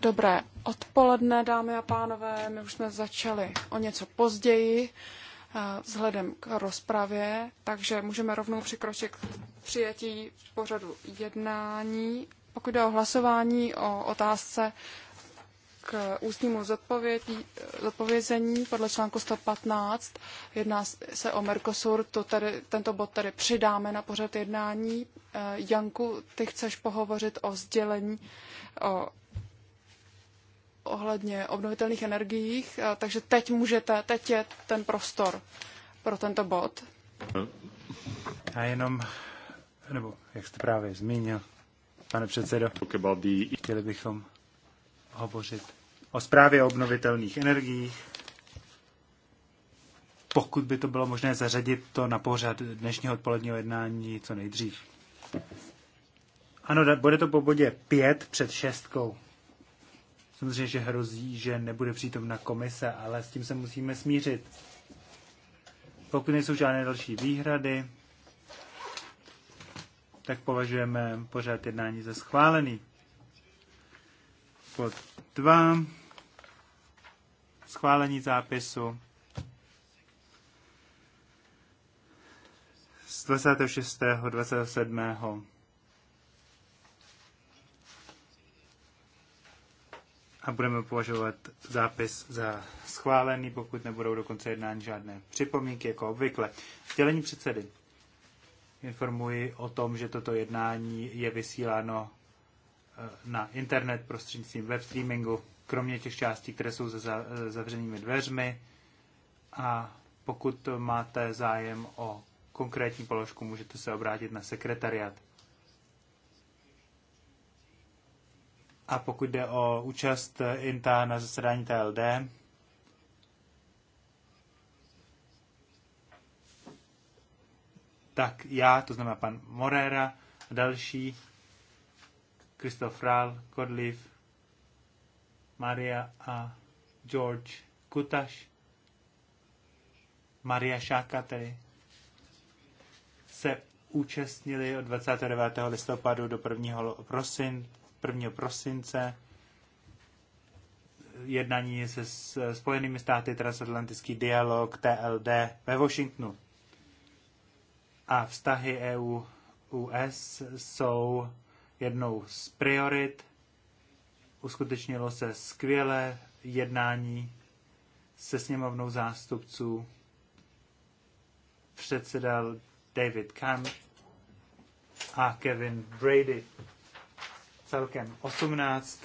Dobré odpoledne, dámy a pánové. My už jsme začali o něco později eh, vzhledem k rozpravě, takže můžeme rovnou přikročit k přijetí pořadu jednání. Pokud jde o hlasování o otázce k ústnímu zodpovězení podle článku 115. Jedná se o Mercosur, to tady, tento bod tady přidáme na pořad jednání. Eh, Janku, ty chceš pohovořit o sdělení o ohledně obnovitelných energiích, eh, takže teď můžete, teď je ten prostor pro tento bod. A jenom, nebo jak jste právě zmínil, pane předsedo, chtěli bychom hovořit o zprávě obnovitelných energií. Pokud by to bylo možné zařadit to na pořad dnešního odpoledního jednání co nejdřív. Ano, bude to po bodě 5 před šestkou. Samozřejmě, že hrozí, že nebude přítomna komise, ale s tím se musíme smířit. Pokud nejsou žádné další výhrady, tak považujeme pořád jednání za schválený. Bod 2. Schválení zápisu. Z 26. 27. a budeme považovat zápis za schválený, pokud nebudou do konce jednání žádné připomínky, jako obvykle. Dělení předsedy. Informuji o tom, že toto jednání je vysíláno Eh, na internet prostřednictvím web streamingu, kromě těch částí, které jsou za eh, zavřenými dveřmi. A pokud máte zájem o konkrétní položku, můžete se obrátit na sekretariat. A pokud jde o účast INTA na zasedání TLD, tak já, to znamená pan Morera a další, Kristof Rál, Korliv, Maria a George Kutaš, Maria Šáka tedy, se účastnili od 29. listopadu do 1. Prosin, 1. prosince jednání se eh, Spojenými státy transatlantický dialog TLD ve Washingtonu. A vztahy EU-US jsou jednou z priorit. Uskutečnilo se skvělé jednání se sněmovnou zástupců. Předsedal David Kahn a Kevin Brady. Celkem 18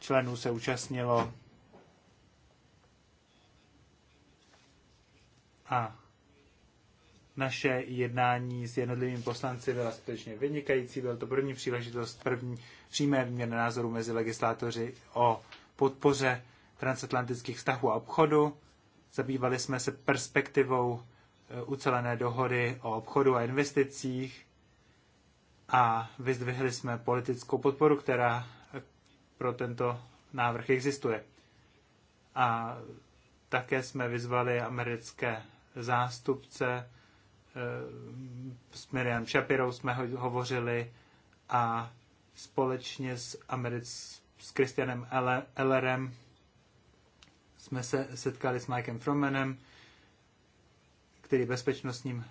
členů se účastnilo a naše jednání s jednotlivými poslanci byla skutečně vynikající. Byl to první příležitost, první přímé výměny názoru mezi legislátoři o podpoře transatlantických vztahů a obchodu. Zabývali jsme se perspektivou eh, ucelené dohody o obchodu a investicích a vyzdvihli jsme politickou podporu, která eh, pro tento návrh existuje. A také jsme vyzvali americké zástupce s Miriam Shapirou jsme hovořili a společně s, Americ, s Christianem Ellerem jsme se setkali s Mikem Fromenem, který je bezpečnostním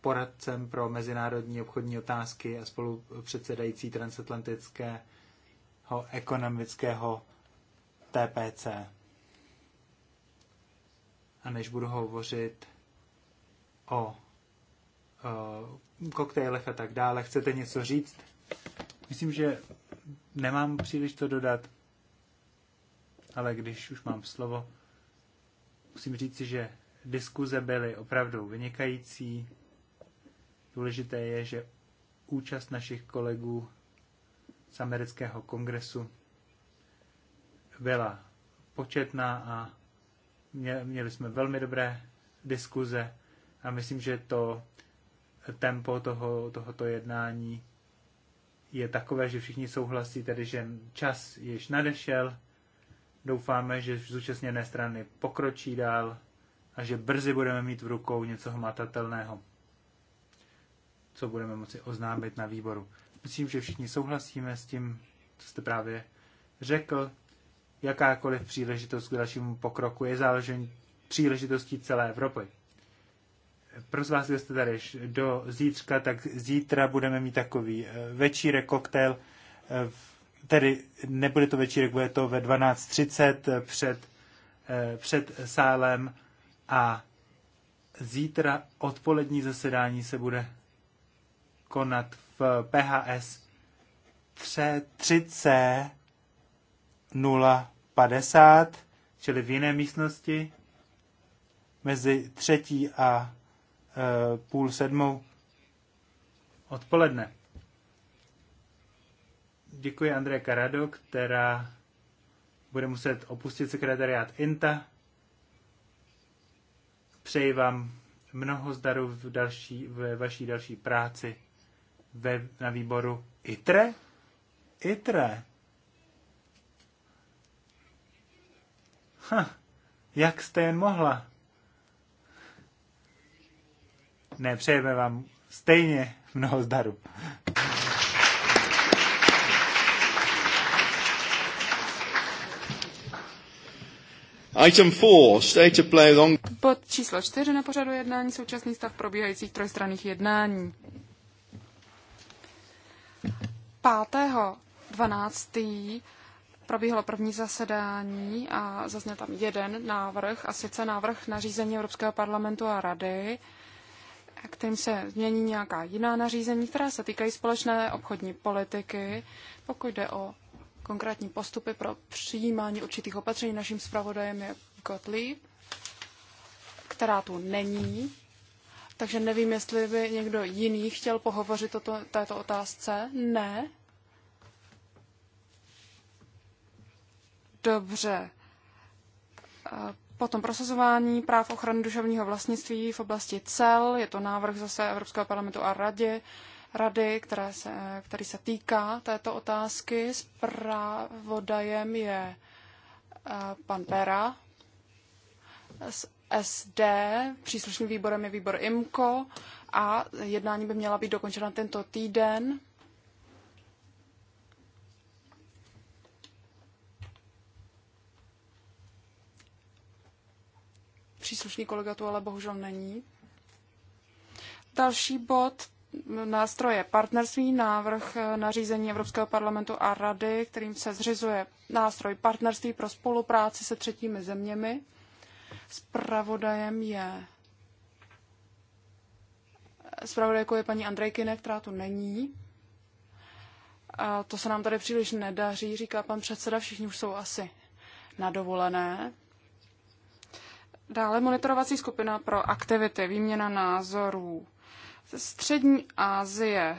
poradcem pro mezinárodní obchodní otázky a spolupředsedající transatlantického ekonomického TPC. A než budu hovořit o Eh, koktejlech a tak dále. Chcete něco říct? Myslím, že nemám příliš co dodat, ale když už mám slovo, musím říci, že diskuze byly opravdu vynikající. Důležité je, že účast našich kolegů z amerického kongresu byla početná a měli jsme velmi dobré diskuze a myslím, že to tempo toho, tohoto jednání je takové, že všichni souhlasí, tedy že čas již nadešel. Doufáme, že zúčastněné strany pokročí dál a že brzy budeme mít v rukou něco hmatatelného, co budeme moci oznámit na výboru. Myslím, že všichni souhlasíme s tím, co jste právě řekl. Jakákoliv příležitost k dalšímu pokroku je záležení příležitostí celé Evropy prosím vás, jste tady do zítřka, tak zítra budeme mít takový eh, večírek, koktejl, eh, tedy nebude to večírek, bude to ve 12.30 eh, před, před sálem a zítra odpolední zasedání se bude konat v PHS 3C 050, čili v jiné místnosti mezi třetí a Eh, půl sedmou odpoledne. Děkuji André Karado, která bude muset opustit sekretariát INTA. Přeji vám mnoho zdaru v, další, v vaší další práci ve, na výboru ITRE. ITRE. Ha, jak jste jen mohla? Ne, přejeme vám stejně mnoho zdaru. Item four, state of play long... Bod číslo čtyři na pořadu jednání současný stav probíhajících trojstranných jednání. 5.12. probíhalo první zasedání a zazněl tam jeden návrh, a sice návrh na řízení Evropského parlamentu a rady kterým se změní nějaká jiná nařízení, která se týkají společné obchodní politiky, pokud jde o konkrétní postupy pro přijímání určitých opatření. Naším zpravodajem je Gottlieb, která tu není, takže nevím, jestli by někdo jiný chtěl pohovořit o to, této otázce. Ne. Dobře. Potom prosazování práv ochrany duševního vlastnictví v oblasti cel. Je to návrh zase Evropského parlamentu a radě, rady, které se, eh, který se týká této otázky. Zpravodajem je eh, pan Pera z SD, příslušným výborem je výbor IMCO a jednání by měla být dokončena tento týden. příslušný kolega tu ale bohužel není. Další bod nástroje partnerství, návrh nařízení Evropského parlamentu a rady, kterým se zřizuje nástroj partnerství pro spolupráci se třetími zeměmi. Spravodajem je Spravodajkou je paní Andrejkine, která tu není. A to se nám tady příliš nedaří, říká pan předseda, všichni už jsou asi na dovolené. Dále monitorovací skupina pro aktivity, výměna názorů. Ze Střední Asie.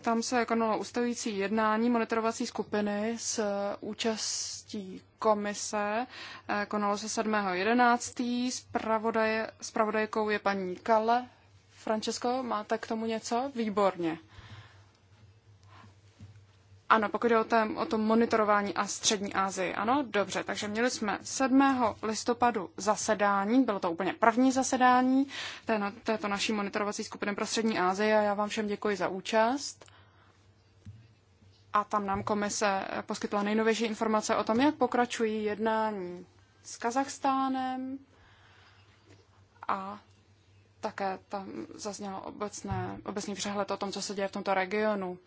Tam se konalo ustavující jednání monitorovací skupiny s účastí komise. Eh, konalo se 7.11. Spravodajkou je paní Kalle. Francesco, máte k tomu něco? Výborně. Ano, pokud jde o, tém, o to monitorování a střední Asii. Ano, dobře, takže měli jsme 7. listopadu zasedání, bylo to úplně první zasedání té, této naší monitorovací skupiny pro střední Asii a já vám všem děkuji za účast. A tam nám komise poskytla nejnovější informace o tom, jak pokračují jednání s Kazachstánem a také tam zaznělo obecné, obecný přehled o tom, co se děje v tomto regionu.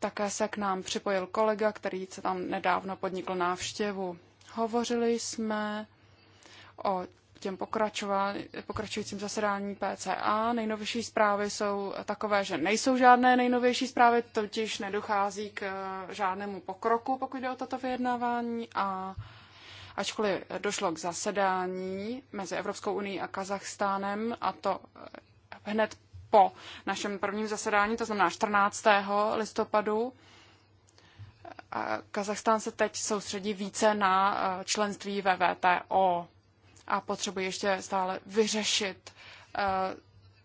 Také se k nám připojil kolega, který se tam nedávno podnikl návštěvu. Hovořili jsme o těm pokračujícím zasedání PCA. Nejnovější zprávy jsou takové, že nejsou žádné nejnovější zprávy, totiž nedochází k eh, žádnému pokroku, pokud jde o toto vyjednávání. A ačkoliv došlo k zasedání mezi Evropskou unii a Kazachstánem, a to eh, hned po našem prvním zasedání, to znamená 14. listopadu. Kazachstán se teď soustředí více na eh, členství ve VTO a potřebuje ještě stále vyřešit eh,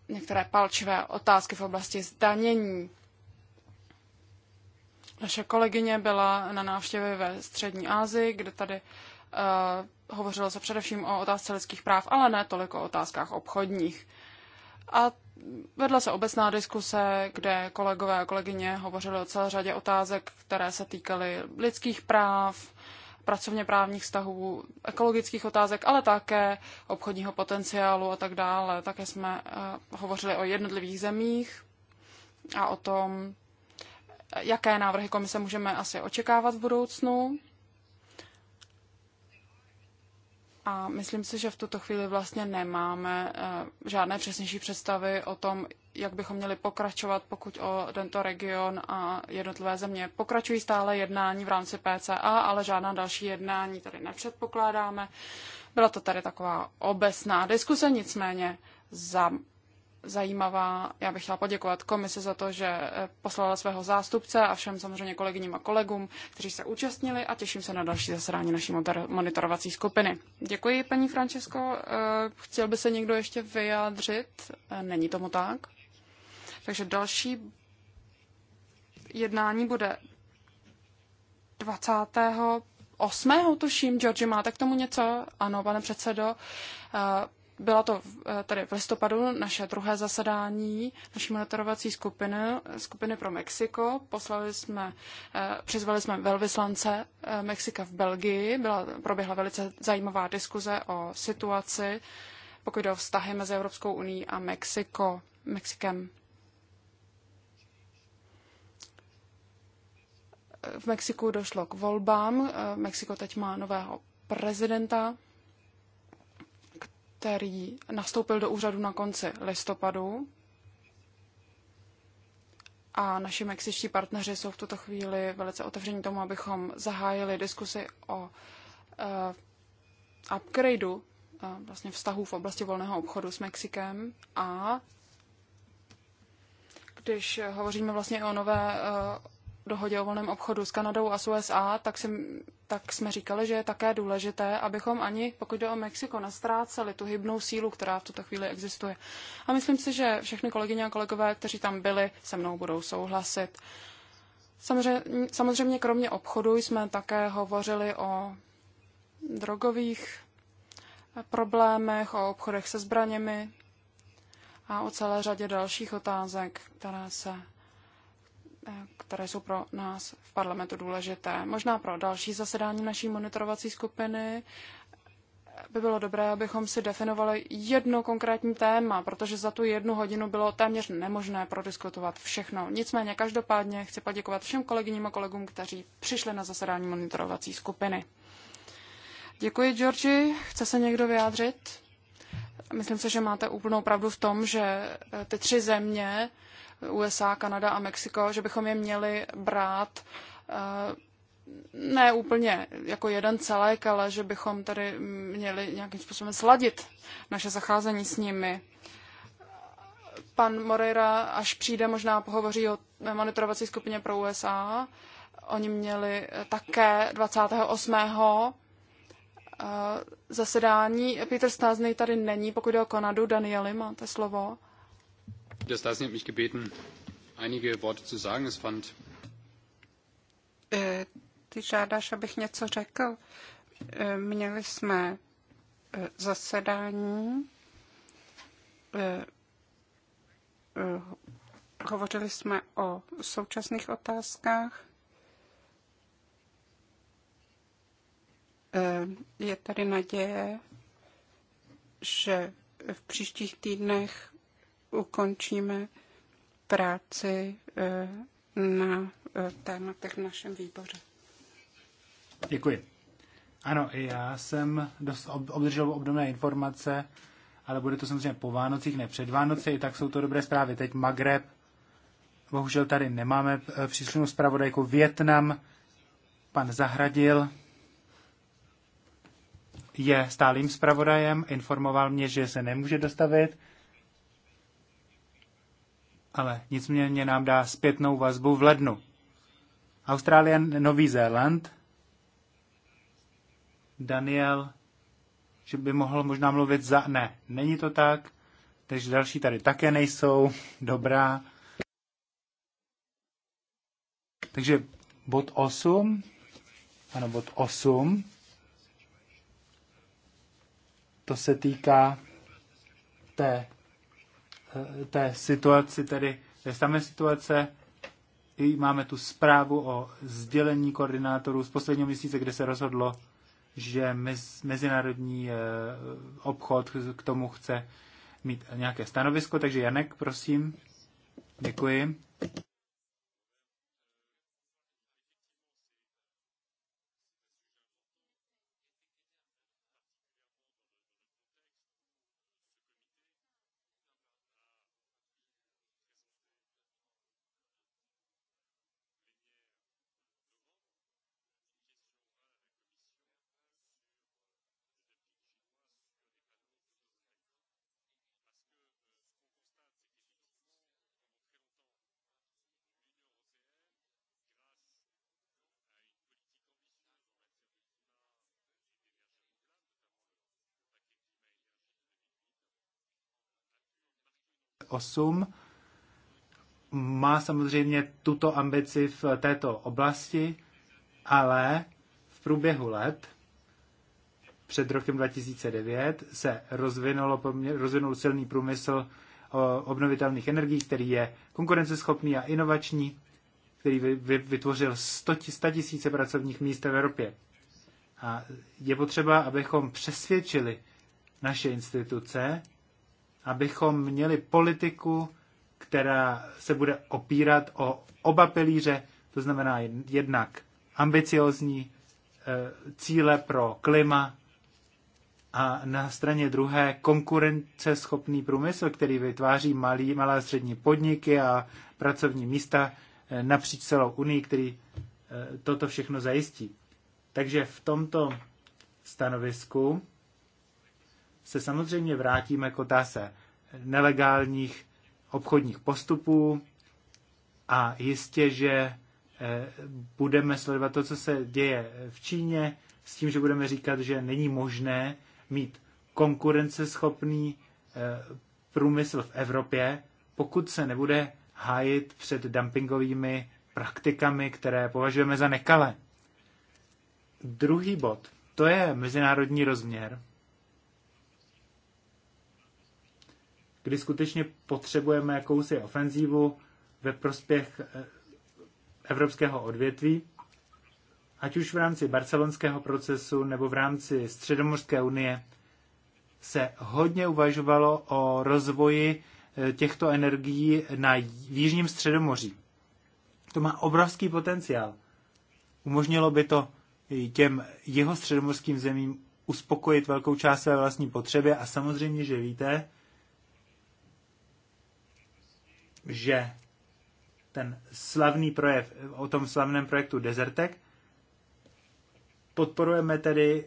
některé palčivé otázky v oblasti zdanění. Naše kolegyně byla na návštěvě ve Střední Asii, kde tady uh, hovořilo se především o otázce lidských práv, ale ne tolik o otázkách obchodních. A Vedla se obecná diskuse, kde kolegové a kolegyně hovořili o celé řadě otázek, které se týkaly lidských práv, pracovně právních vztahů, ekologických otázek, ale také obchodního potenciálu a tak dále. Také jsme eh, hovořili o jednotlivých zemích a o tom, jaké návrhy komise můžeme asi očekávat v budoucnu. A myslím si, že v tuto chvíli vlastně nemáme eh, žádné přesnější představy o tom, jak bychom měli pokračovat, pokud o tento region a jednotlivé země pokračují stále jednání v rámci PCA, ale žádná další jednání tady nepředpokládáme. Byla to tady taková obecná diskuse, nicméně za zajímavá. Já bych chtěla poděkovat komisi za to, že eh, poslala svého zástupce a všem samozřejmě kolegyním a kolegům, kteří se účastnili a těším se na další zasedání naší monitorovací skupiny. Děkuji, paní Francesco. Eh, chtěl by se někdo ještě vyjádřit? Eh, není tomu tak. Takže další jednání bude 20. 8. tuším, Georgi, máte k tomu něco? Ano, pane předsedo. Byla to eh, tady v listopadu naše druhé zasedání naší monitorovací skupiny, skupiny pro Mexiko. Poslali jsme, eh, přizvali jsme velvyslance eh, Mexika v Belgii. Byla, proběhla velice zajímavá diskuze o situaci, pokud jde o vztahy mezi Evropskou uní a Mexiko, Mexikem. V Mexiku došlo k volbám. Mexiko teď má nového prezidenta který nastoupil do úřadu na konci listopadu. A naši mexičtí partneři jsou v tuto chvíli velice otevření tomu, abychom zahájili diskusy o uh, upgradeu uh, vlastně vztahů v oblasti volného obchodu s Mexikem a když hovoříme vlastně o nové uh, dohodě o volném obchodu s Kanadou a s USA, tak, si, tak jsme říkali, že je také důležité, abychom ani, pokud jde o Mexiko, nestráceli tu hybnou sílu, která v tuto chvíli existuje. A myslím si, že všechny kolegyně a kolegové, kteří tam byli, se mnou budou souhlasit. Samozřejmě, samozřejmě kromě obchodu jsme také hovořili o drogových problémech, o obchodech se zbraněmi a o celé řadě dalších otázek, které se které jsou pro nás v parlamentu důležité. Možná pro další zasedání naší monitorovací skupiny by bylo dobré, abychom si definovali jedno konkrétní téma, protože za tu jednu hodinu bylo téměř nemožné prodiskutovat všechno. Nicméně každopádně chci poděkovat všem kolegyním a kolegům, kteří přišli na zasedání monitorovací skupiny. Děkuji, Georgi. Chce se někdo vyjádřit? Myslím si, že máte úplnou pravdu v tom, že eh, ty tři země USA, Kanada a Mexiko, že bychom je měli brát eh, ne úplně jako jeden celek, ale že bychom tady měli nějakým způsobem sladit naše zacházení s nimi. Pan Moreira, až přijde, možná pohovoří o monitorovací skupině pro USA. Oni měli také 28 eh, zasedání. Peter Stázny tady není, pokud jde o Kanadu. Danieli, máte slovo. Das Dasen hat mich gebeten, einige Worte zu sagen. Es fand... Eh, ty žádáš, abych něco řekl. Eh, měli jsme eh, zasedání, hovořili jsme o současných otázkách. Je tady naděje, že v příštích týdnech ukončíme práci eh, na eh, tématech v našem výboře. Děkuji. Ano, já jsem dost obdržel obdobné informace, ale bude to samozřejmě po Vánocích, ne před Vánoci, i tak jsou to dobré zprávy. Teď Magreb, bohužel tady nemáme eh, příslušnou zpravodajku. Větnam, pan Zahradil, je stálým zpravodajem, informoval mě, že se nemůže dostavit ale nicméně nám dá zpětnou vazbu v lednu. Austrálie, Nový Zéland, Daniel, že by mohl možná mluvit za... Ne, není to tak, takže další tady také nejsou, dobrá. Takže bod 8, ano, bod 8, to se týká té Eh, té situaci, tedy té samé situace, i máme tu zprávu o sdělení koordinátorů z posledního měsíce, kde se rozhodlo, že mezinárodní eh, obchod k tomu chce mít nějaké stanovisko. Takže Janek, prosím. Děkuji. 8 má samozřejmě tuto ambici v této oblasti, ale v průběhu let před rokem 2009 se rozvinulo, rozvinul silný průmysl obnovitelných energií, který je konkurenceschopný a inovační, který vytvořil 100 tisíce pracovních míst v Evropě. A je potřeba, abychom přesvědčili naše instituce, abychom měli politiku, která se bude opírat o oba pilíře, to znamená jednak ambiciozní eh, cíle pro klima a na straně druhé konkurenceschopný průmysl, který vytváří malé a střední podniky a pracovní místa eh, napříč celou Unii, který eh, toto všechno zajistí. Takže v tomto stanovisku se samozřejmě vrátíme k otáze nelegálních obchodních postupů a jistě, že e, budeme sledovat to, co se děje v Číně, s tím, že budeme říkat, že není možné mít konkurenceschopný e, průmysl v Evropě, pokud se nebude hájit před dumpingovými praktikami, které považujeme za nekalé. Druhý bod, to je mezinárodní rozměr. kdy skutečně potřebujeme jakousi ofenzívu ve prospěch eh, evropského odvětví, ať už v rámci barcelonského procesu nebo v rámci Středomorské unie, se hodně uvažovalo o rozvoji eh, těchto energií na Jižním Středomoří. To má obrovský potenciál. Umožnilo by to těm jeho středomorským zemím uspokojit velkou část své vlastní potřeby a samozřejmě, že víte, že ten slavný projev o tom slavném projektu Desertek podporujeme tedy,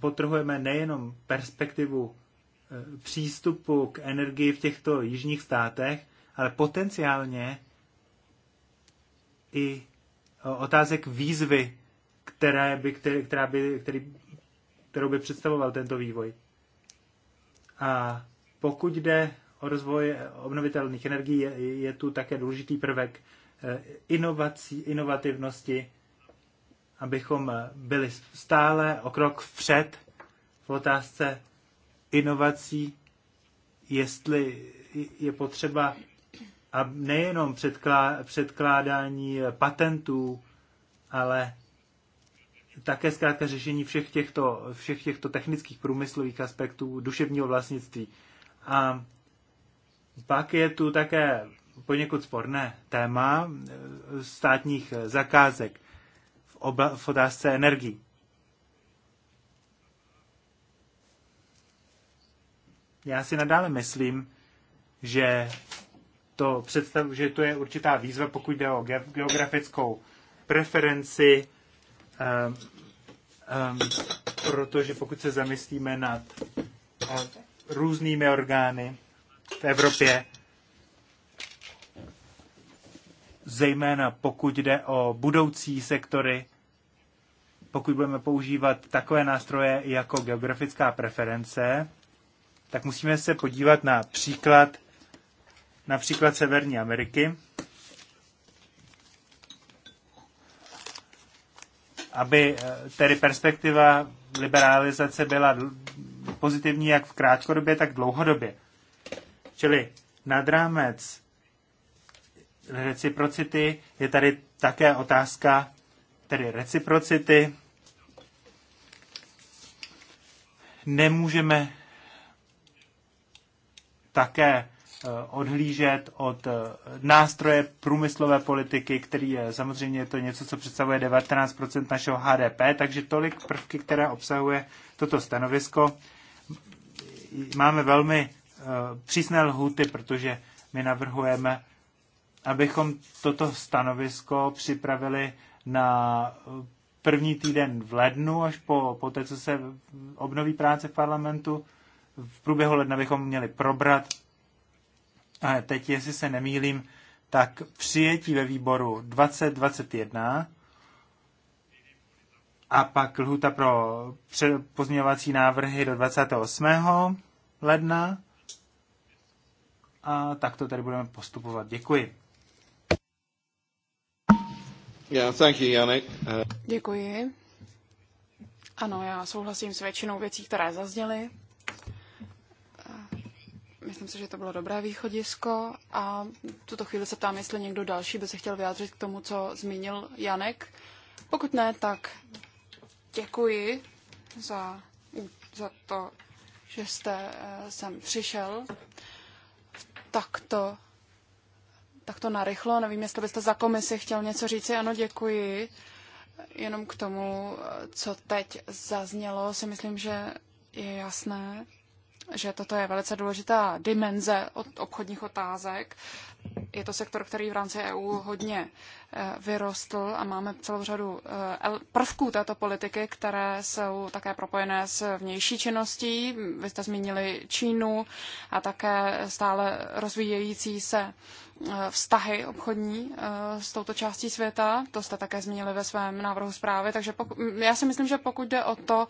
potrhujeme nejenom perspektivu e, přístupu k energii v těchto jižních státech, ale potenciálně i e, otázek výzvy, která by, která by, který, kterou by představoval tento vývoj. A pokud jde o rozvoj obnovitelných energií je, je tu také důležitý prvek eh, inovací, inovativnosti, abychom eh, byli stále o krok vpřed v otázce inovací, jestli je potřeba a nejenom předklá, předkládání eh, patentů, ale také zkrátka řešení všech těchto, všech těchto technických průmyslových aspektů duševního vlastnictví. A pak je tu také poněkud sporné téma eh, státních zakázek v, obla- v otázce energii. Já si nadále myslím, že to, představu, že to je určitá výzva, pokud jde o geografickou preferenci, um, um, protože pokud se zamyslíme nad um, různými orgány, v Evropě, zejména pokud jde o budoucí sektory, pokud budeme používat takové nástroje jako geografická preference, tak musíme se podívat na příklad například Severní Ameriky, aby eh, tedy perspektiva liberalizace byla pozitivní jak v krátkodobě, tak dlouhodobě. Čili nad rámec reciprocity je tady také otázka tedy reciprocity. Nemůžeme také eh, odhlížet od eh, nástroje průmyslové politiky, který je samozřejmě to něco, co představuje 19 našeho HDP, takže tolik prvky, které obsahuje toto stanovisko. Máme velmi Eh, přísné lhuty, protože my navrhujeme, abychom toto stanovisko připravili na první týden v lednu, až po, po té, co se obnoví práce v parlamentu. V průběhu ledna bychom měli probrat. A teď, jestli se nemýlím, tak přijetí ve výboru 2021 a pak lhuta pro pozměňovací návrhy do 28. ledna a tak to tady budeme postupovat. Děkuji. Yeah, thank you, Janek. Uh... Děkuji. Ano, já souhlasím s většinou věcí, které zazněly. Eh, myslím si, že to bylo dobré východisko a v tuto chvíli se ptám, jestli někdo další by se chtěl vyjádřit k tomu, co zmínil Janek. Pokud ne, tak děkuji za, za to, že jste eh, sem přišel takto, takto narychlo. Nevím, jestli byste za komisi chtěl něco říct. Ano, děkuji. Jenom k tomu, co teď zaznělo, si myslím, že je jasné, že toto je velice důležitá dimenze od obchodních otázek je to sektor, který v rámci EU hodně e, vyrostl a máme celou řadu e, prvků této politiky, které jsou také propojené s vnější činností. Vy jste zmínili Čínu a také stále rozvíjející se e, vztahy obchodní s touto částí světa. To jste také zmínili ve svém návrhu zprávy. Takže pokud, já si myslím, že pokud jde o to,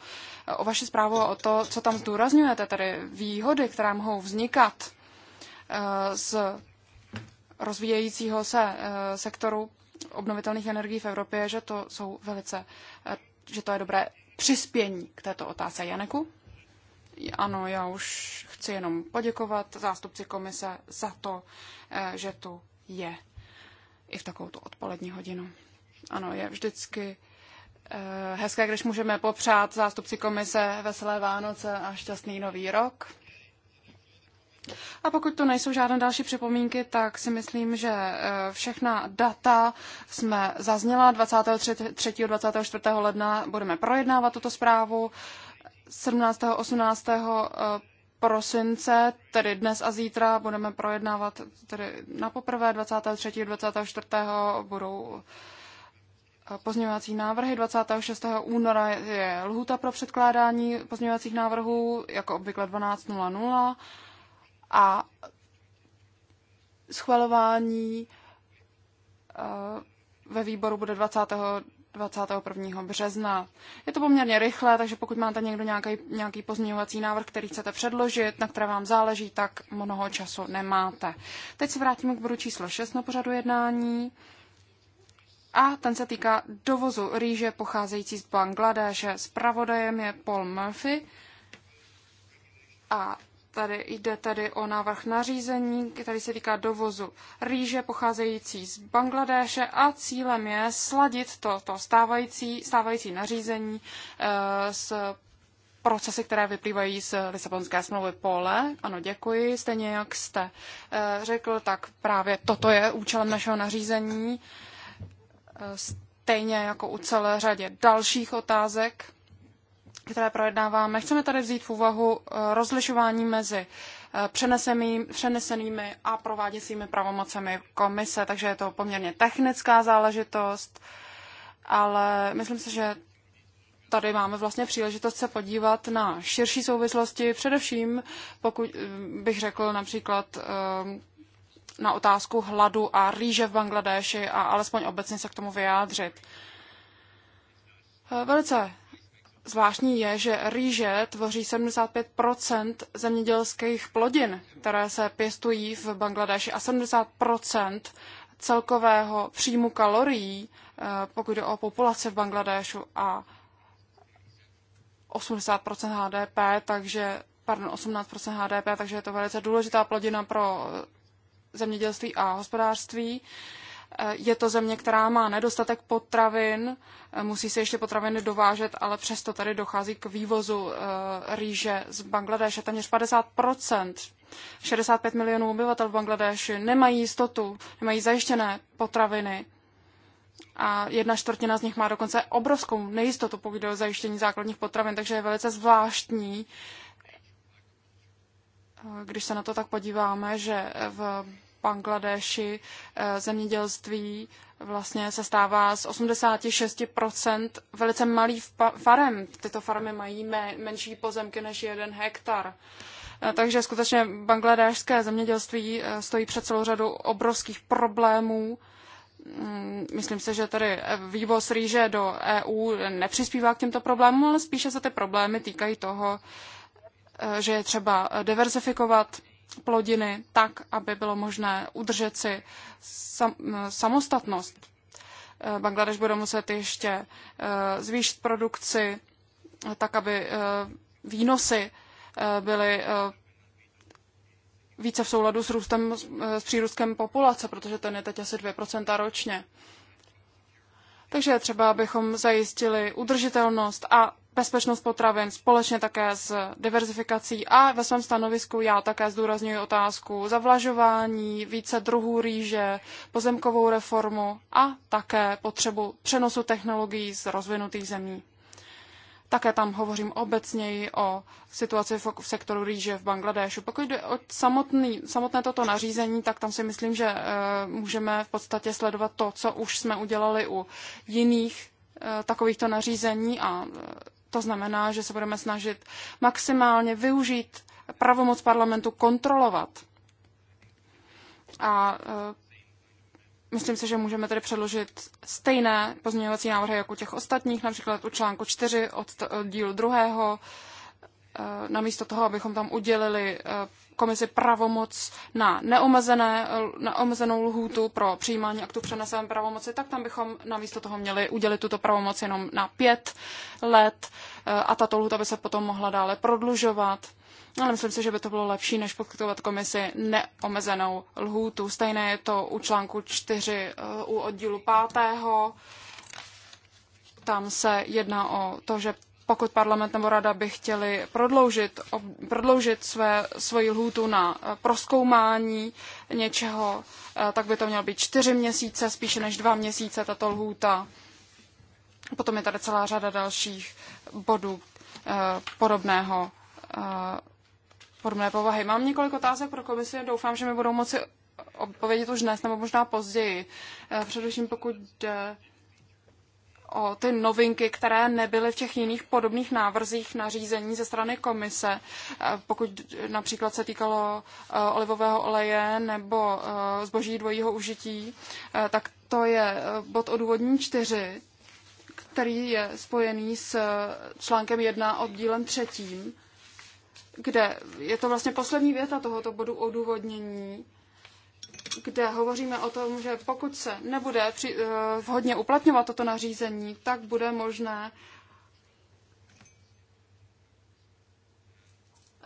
o vaši zprávu, o to, co tam zdůrazňujete, tedy výhody, které mohou vznikat z rozvíjejícího se eh, sektoru obnovitelných energií v Evropě, že to jsou velice, eh, že to je dobré přispění k této otázce. Janeku? Ano, já už chci jenom poděkovat zástupci komise za to, eh, že tu je i v takovou tu odpolední hodinu. Ano, je vždycky hezké, když můžeme popřát zástupci komise veselé Vánoce a šťastný nový rok. A pokud to nejsou žádné další připomínky, tak si myslím, že eh, všechna data jsme zazněla. 23. 24. ledna budeme projednávat tuto zprávu. 17. a 18 prosince, tedy dnes a zítra, budeme projednávat tedy na poprvé 23. 24. budou eh, pozměňovací návrhy. 26. února je lhuta pro předkládání pozměňovacích návrhů, jako obvykle 12.00 a schvalování eh, ve výboru bude 20. 21. března. Je to poměrně rychlé, takže pokud máte někdo nějaký, nějaký pozměňovací návrh, který chcete předložit, na které vám záleží, tak mnoho času nemáte. Teď se vrátíme k bodu číslo 6 na pořadu jednání. A ten se týká dovozu rýže pocházející z Bangladeše. Spravodajem je Paul Murphy. A Tady jde tady o návrh nařízení, který se týká dovozu rýže pocházející z Bangladéše a cílem je sladit to, to stávající, stávající nařízení e, s procesy, které vyplývají z Lisabonské smlouvy pole. Ano, děkuji. Stejně jak jste eh, řekl, tak právě toto je účelem našeho nařízení. Eh, stejně jako u celé řadě dalších otázek, které projednáváme, chceme tady vzít v úvahu eh, rozlišování mezi eh, přenesenými, a prováděcími pravomocemi komise, takže je to poměrně technická záležitost, ale myslím si, že tady máme vlastně příležitost se podívat na širší souvislosti, především pokud eh, bych řekl například na otázku hladu a rýže v Bangladeši a alespoň obecně se k tomu vyjádřit. Velice Zvláštní je, že rýže tvoří 75 zemědělských plodin, které se pěstují v Bangladeši a 70 celkového příjmu kalorií, eh, pokud jde o populaci v Bangladéšu a 80 HDP, takže pardon, 18 HDP, takže je to velice důležitá plodina pro eh, zemědělství a hospodářství. Uh, Eh, je to země, která má nedostatek potravin, eh, musí se ještě potraviny dovážet, ale přesto tady dochází k vývozu eh, rýže z Bangladeše. Téměř 50 65 milionů obyvatel v Bangladeši nemají jistotu, nemají zajištěné potraviny a jedna čtvrtina z nich má dokonce obrovskou nejistotu, pokud jde o zajištění základních potravin, takže je velice zvláštní, když se na to tak podíváme, že v Bangladeši eh, zemědělství vlastně se stává z 86% velice malých farem. Tyto farmy mají menší pozemky než jeden hektar. Eh, takže skutečně bangladéšské zemědělství eh, stojí před celou řadu obrovských problémů. Mm, myslím si, že tady vývoz rýže do EU nepřispívá k těmto problémům, ale spíše se ty problémy týkají toho, že je třeba diverzifikovat plodiny tak, aby bylo možné udržet si sam, samostatnost. Eh, Bangladeš bude muset ještě eh, zvýšit produkci eh, tak, aby výnosy byly více v souladu s, růstem, s přírůstkem populace, protože ten je teď asi 2% ročně. Takže třeba, abychom zajistili udržitelnost a bezpečnost potravin společně také s diverzifikací a ve svém stanovisku já také zdůrazňuji otázku zavlažování, více druhů rýže, pozemkovou reformu a také potřebu přenosu technologií z rozvinutých zemí. Také tam hovořím obecněji o situaci v sektoru rýže v Bangladéšu. Pokud jde o samotný, samotné toto nařízení, tak tam si myslím, že e, můžeme v podstatě sledovat to, co už jsme udělali u jiných e, takovýchto nařízení a eh, to znamená, že se budeme snažit maximálně využít pravomoc parlamentu kontrolovat. A eh, myslím si, že můžeme tedy předložit stejné pozměňovací návrhy jako těch ostatních, například u článku 4 od, od dílu druhého, eh, namísto toho, abychom tam udělili eh, komisi pravomoc na, neomezené, na lhůtu pro přijímání aktu přenesené pravomoci, tak tam bychom namísto toho měli udělit tuto pravomoc jenom na pět let eh, a tato lhůta by se potom mohla dále prodlužovat. Ale myslím si, že by to bylo lepší, než poskytovat komisi neomezenou lhůtu. Stejné je to u článku 4 eh, u oddílu 5. Tam se jedná o to, že pokud parlament nebo rada by chtěli prodloužit, prodloužit své, svoji lhůtu na eh, proskoumání něčeho, eh, tak by to mělo být čtyři měsíce, spíše než dva měsíce tato lhůta. Potom je tady celá řada dalších bodů eh, podobného, podobné povahy. Mám několik otázek pro komisi, doufám, že mi budou moci odpovědět už dnes nebo možná později. Především pokud jde o ty novinky, které nebyly v těch jiných podobných návrzích na řízení ze strany komise, eh, pokud například se týkalo eh, olivového oleje nebo eh, zboží dvojího užití, tak to je bod odůvodní čtyři, který je spojený s článkem 1 oddílem třetím, kde je to vlastně poslední věta tohoto bodu odůvodnění, kde hovoříme o tom, že pokud se nebude při, eh, vhodně uplatňovat toto nařízení, tak bude možné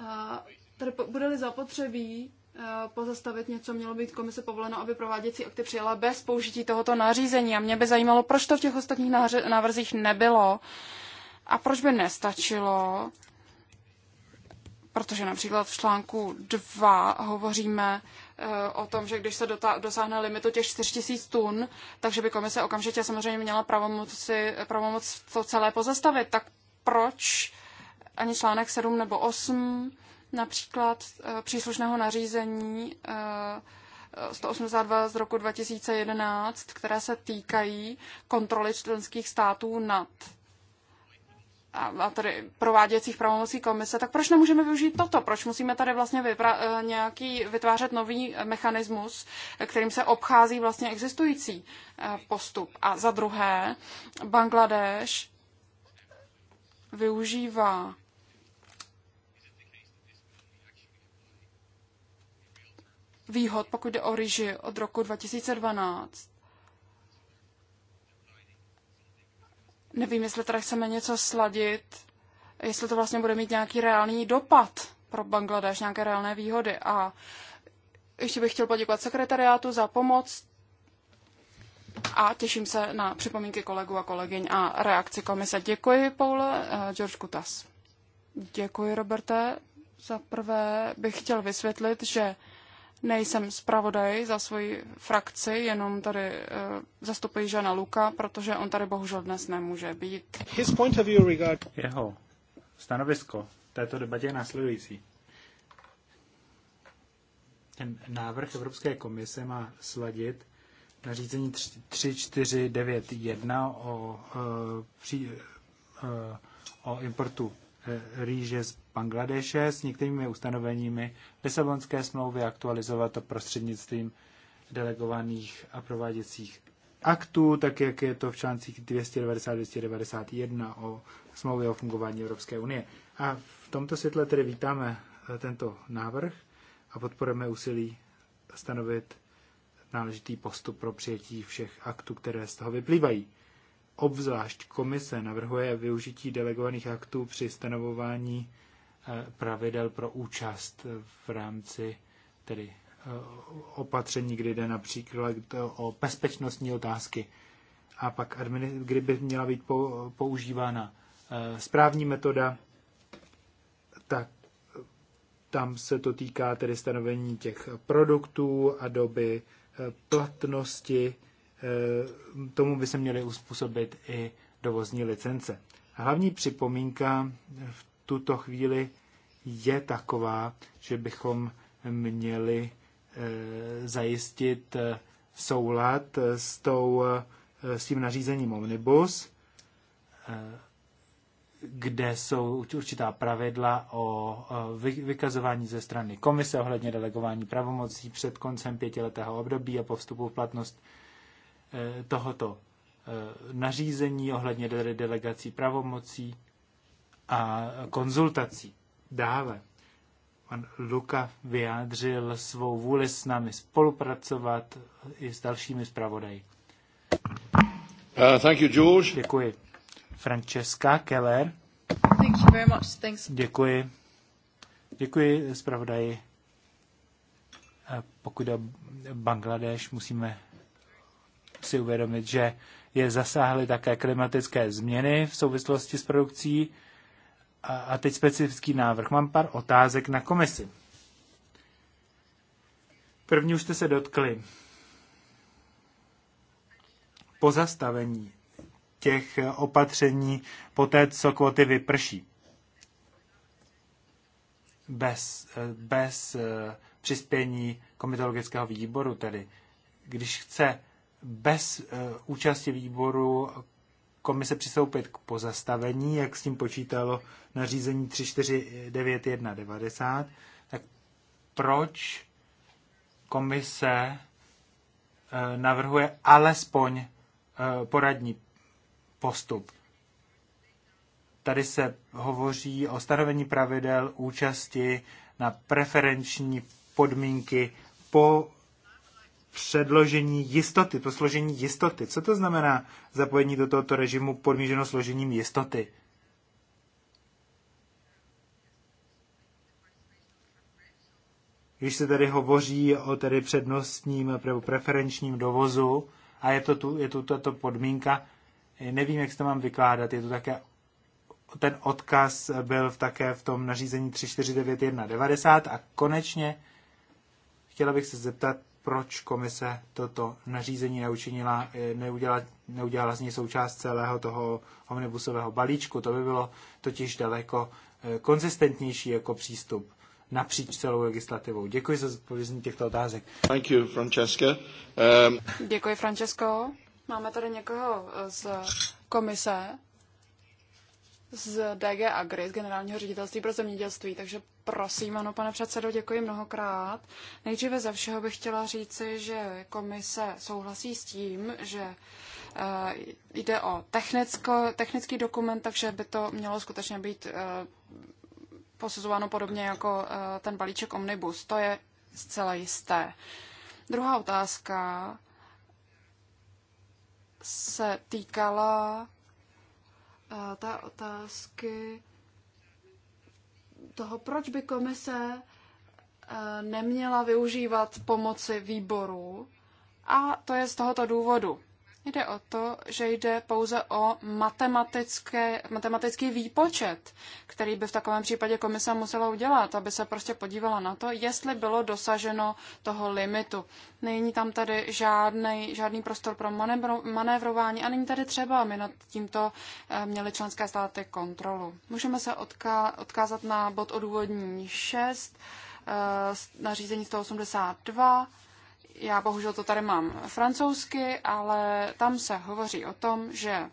eh, Tady bude-li zapotřebí eh, pozastavit něco, mělo být komise povoleno, aby prováděcí akty přijela bez použití tohoto nařízení. A mě by zajímalo, proč to v těch ostatních návrzích nebylo a proč by nestačilo, protože například v článku 2 hovoříme Eh, o tom, že když se dosáhne limitu těch 4000 tun, takže by komise okamžitě samozřejmě měla pravomoci, pravomoc to celé pozastavit. Tak proč ani článek 7 nebo 8 například eh, příslušného nařízení 182 eh, z roku 2011, které se týkají kontroly členských států nad a tady prováděcích pravomocí komise, tak proč nemůžeme využít toto? Proč musíme tady vlastně vypra- eh, nějaký vytvářet nový mechanismus, kterým se obchází vlastně existující eh, postup? A za druhé, Bangladeš využívá výhod, pokud jde o ryži od roku 2012 Nevím, jestli tady chceme něco sladit, jestli to vlastně bude mít nějaký reálný dopad pro Bangladeš, nějaké reálné výhody. A ještě bych chtěl poděkovat sekretariátu za pomoc a těším se na připomínky kolegů a kolegyň a reakci komise. Děkuji, Paule. Eh, George Kutas. Děkuji, Roberte. Za prvé bych chtěl vysvětlit, že Nejsem zpravodaj za svoji frakci, jenom tady uh, zastupuji Žana Luka, protože on tady bohužel dnes nemůže být. His point of view regard... Jeho stanovisko této debatě je následující. Ten návrh Evropské komise má sladit nařízení 3491 o, uh, při, uh, o importu rýže z Bangladeše s některými ustanoveními Lisabonské smlouvy aktualizovat to prostřednictvím delegovaných a prováděcích aktů, tak jak je to v článcích 290-291 o smlouvě o fungování Evropské unie. A v tomto světle tedy vítáme eh, tento návrh a podporujeme úsilí stanovit náležitý postup pro přijetí všech aktů, které z toho vyplývají. Obzvlášť komise navrhuje využití delegovaných aktů při stanovování eh, pravidel pro účast v rámci tedy eh, opatření, kdy jde například o bezpečnostní otázky a pak kdyby měla být používána eh, správní metoda, tak tam se to týká tedy stanovení těch produktů a doby platnosti Eh, tomu by se měly uspůsobit i dovozní licence. Hlavní připomínka v tuto chvíli je taková, že bychom měli eh, zajistit eh, soulad s, tou, s tím nařízením Omnibus, kde jsou určitá pravidla o vykazování ze strany komise ohledně delegování pravomocí před koncem pětiletého období a po vstupu v platnost Eh, tohoto eh, nařízení ohledně delegací pravomocí a konzultací. Dále, pan Luka vyjádřil svou vůli s námi spolupracovat i s dalšími zpravodaji. Uh, thank you, George. Děkuji. Francesca Keller. Thank you very much. Thanks. Děkuji. Děkuji zpravodaji. Eh, pokud o Bangladeš, musíme si uvědomit, že je zasáhly také klimatické změny v souvislosti s produkcí. A teď specifický návrh. Mám pár otázek na komisi. První už jste se dotkli. Pozastavení těch opatření po té, co kvoty vyprší. Bez, bez eh, přispění komitologického výboru tedy. Když chce bez eh, účasti výboru komise přistoupit k pozastavení, jak s tím počítalo nařízení 349.1.90, tak proč komise eh, navrhuje alespoň eh, poradní postup. Tady se hovoří o stanovení pravidel účasti na preferenční podmínky po předložení jistoty, to složení jistoty. Co to znamená zapojení do tohoto režimu podmíženo složením jistoty? Když se tady hovoří o tedy přednostním nebo preferenčním dovozu a je to tu, je tu tato podmínka, nevím, jak se to mám vykládat, je to také ten odkaz byl v také v tom nařízení 349.1.90 a konečně chtěla bych se zeptat, proč komise toto nařízení neučinila, eh, neudělala, neudělala z něj součást celého toho omnibusového balíčku. To by bylo totiž daleko eh, konzistentnější jako přístup napříč celou legislativou. Děkuji za zpovězení těchto otázek. Thank you, Francesca. Um... Děkuji, Francesco. Máme tady někoho z komise z DG Agri, z Generálního ředitelství pro zemědělství. Takže prosím, ano, pane předsedo, děkuji mnohokrát. Nejdříve ze všeho bych chtěla říci, že komise souhlasí s tím, že eh, jde o technicko, technický dokument, takže by to mělo skutečně být eh, posuzováno podobně jako eh, ten balíček Omnibus. To je zcela jisté. Druhá otázka se týkala ta otázky toho, proč by komise e, neměla využívat pomoci výboru. A to je z tohoto důvodu. Jde o to, že jde pouze o matematické, matematický výpočet, který by v takovém případě komise musela udělat, aby se prostě podívala na to, jestli bylo dosaženo toho limitu. Není tam tady žádný, žádný prostor pro manévrování a není tady třeba, aby nad tímto eh, měly členské státy kontrolu. Můžeme se odká, odkázat na bod odůvodní 6, eh, nařízení 182 já bohužel to tady mám francouzsky, ale tam se hovoří o tom, že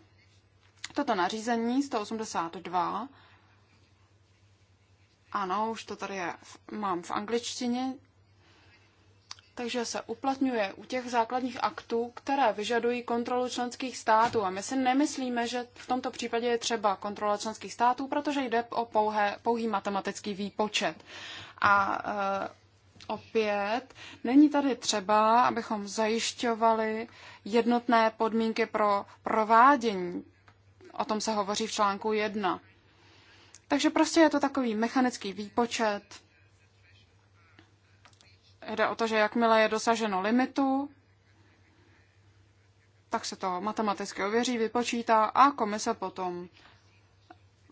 toto nařízení 182, ano, už to tady je, mám v angličtině, takže se uplatňuje u těch základních aktů, které vyžadují kontrolu členských států. A my si nemyslíme, že v tomto případě je třeba kontrola členských států, protože jde o pouhé, pouhý matematický výpočet. A opět není tady třeba, abychom zajišťovali jednotné podmínky pro provádění. O tom se hovoří v článku 1. Takže prostě je to takový mechanický výpočet. Jde o to, že jakmile je dosaženo limitu, tak se to matematicky ověří, vypočítá a komise potom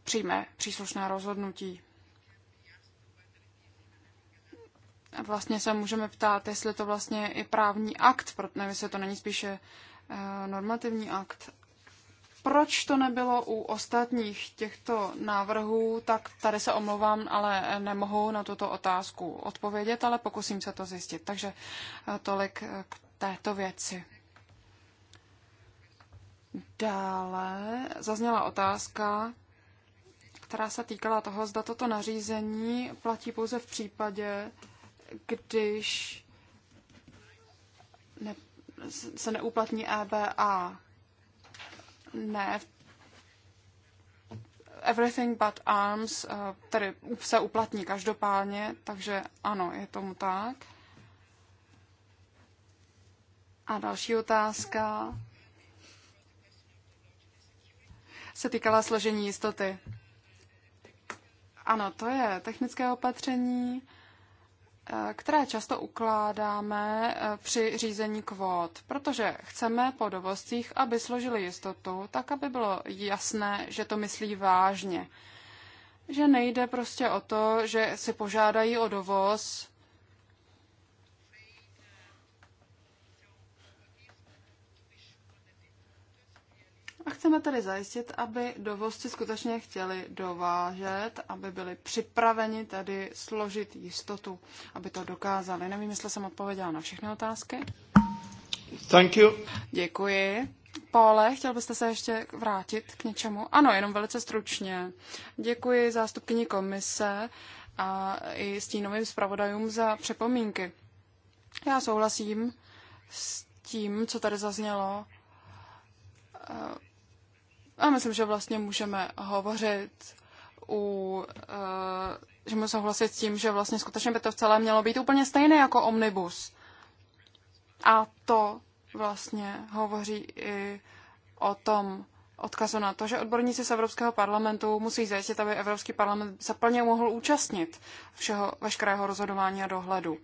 přijme příslušné rozhodnutí. vlastně se můžeme ptát, jestli to vlastně je právní akt, nevím, jestli to není spíše eh, normativní akt. Proč to nebylo u ostatních těchto návrhů, tak tady se omlouvám, ale eh, nemohu na tuto otázku odpovědět, ale pokusím se to zjistit. Takže eh, tolik k této věci. Dále zazněla otázka, která se týkala toho, zda toto nařízení platí pouze v případě, když ne, se neuplatní EBA. Ne. Everything but arms eh, tedy se uplatní každopádně, takže ano, je tomu tak. A další otázka se týkala složení jistoty. Ano, to je technické opatření Eh, které často ukládáme eh, při řízení kvót, protože chceme po dovozcích, aby složili jistotu, tak aby bylo jasné, že to myslí vážně. Že nejde prostě o to, že si požádají o dovoz A chceme tedy zajistit, aby dovozci skutečně chtěli dovážet, aby byli připraveni tedy složit jistotu, aby to dokázali. Nevím, jestli jsem odpověděla na všechny otázky. Thank you. Děkuji. Pole, chtěl byste se ještě vrátit k něčemu? Ano, jenom velice stručně. Děkuji zástupkyni komise a i stínovým zpravodajům za připomínky. Já souhlasím s tím, co tady zaznělo a myslím, že vlastně můžeme hovořit u, eh, že můžeme souhlasit s tím, že vlastně skutečně by to v celé mělo být úplně stejné jako omnibus. A to vlastně hovoří i o tom odkazu na to, že odborníci z Evropského parlamentu musí zajistit, aby Evropský parlament se plně mohl účastnit všeho, veškerého rozhodování a dohledu.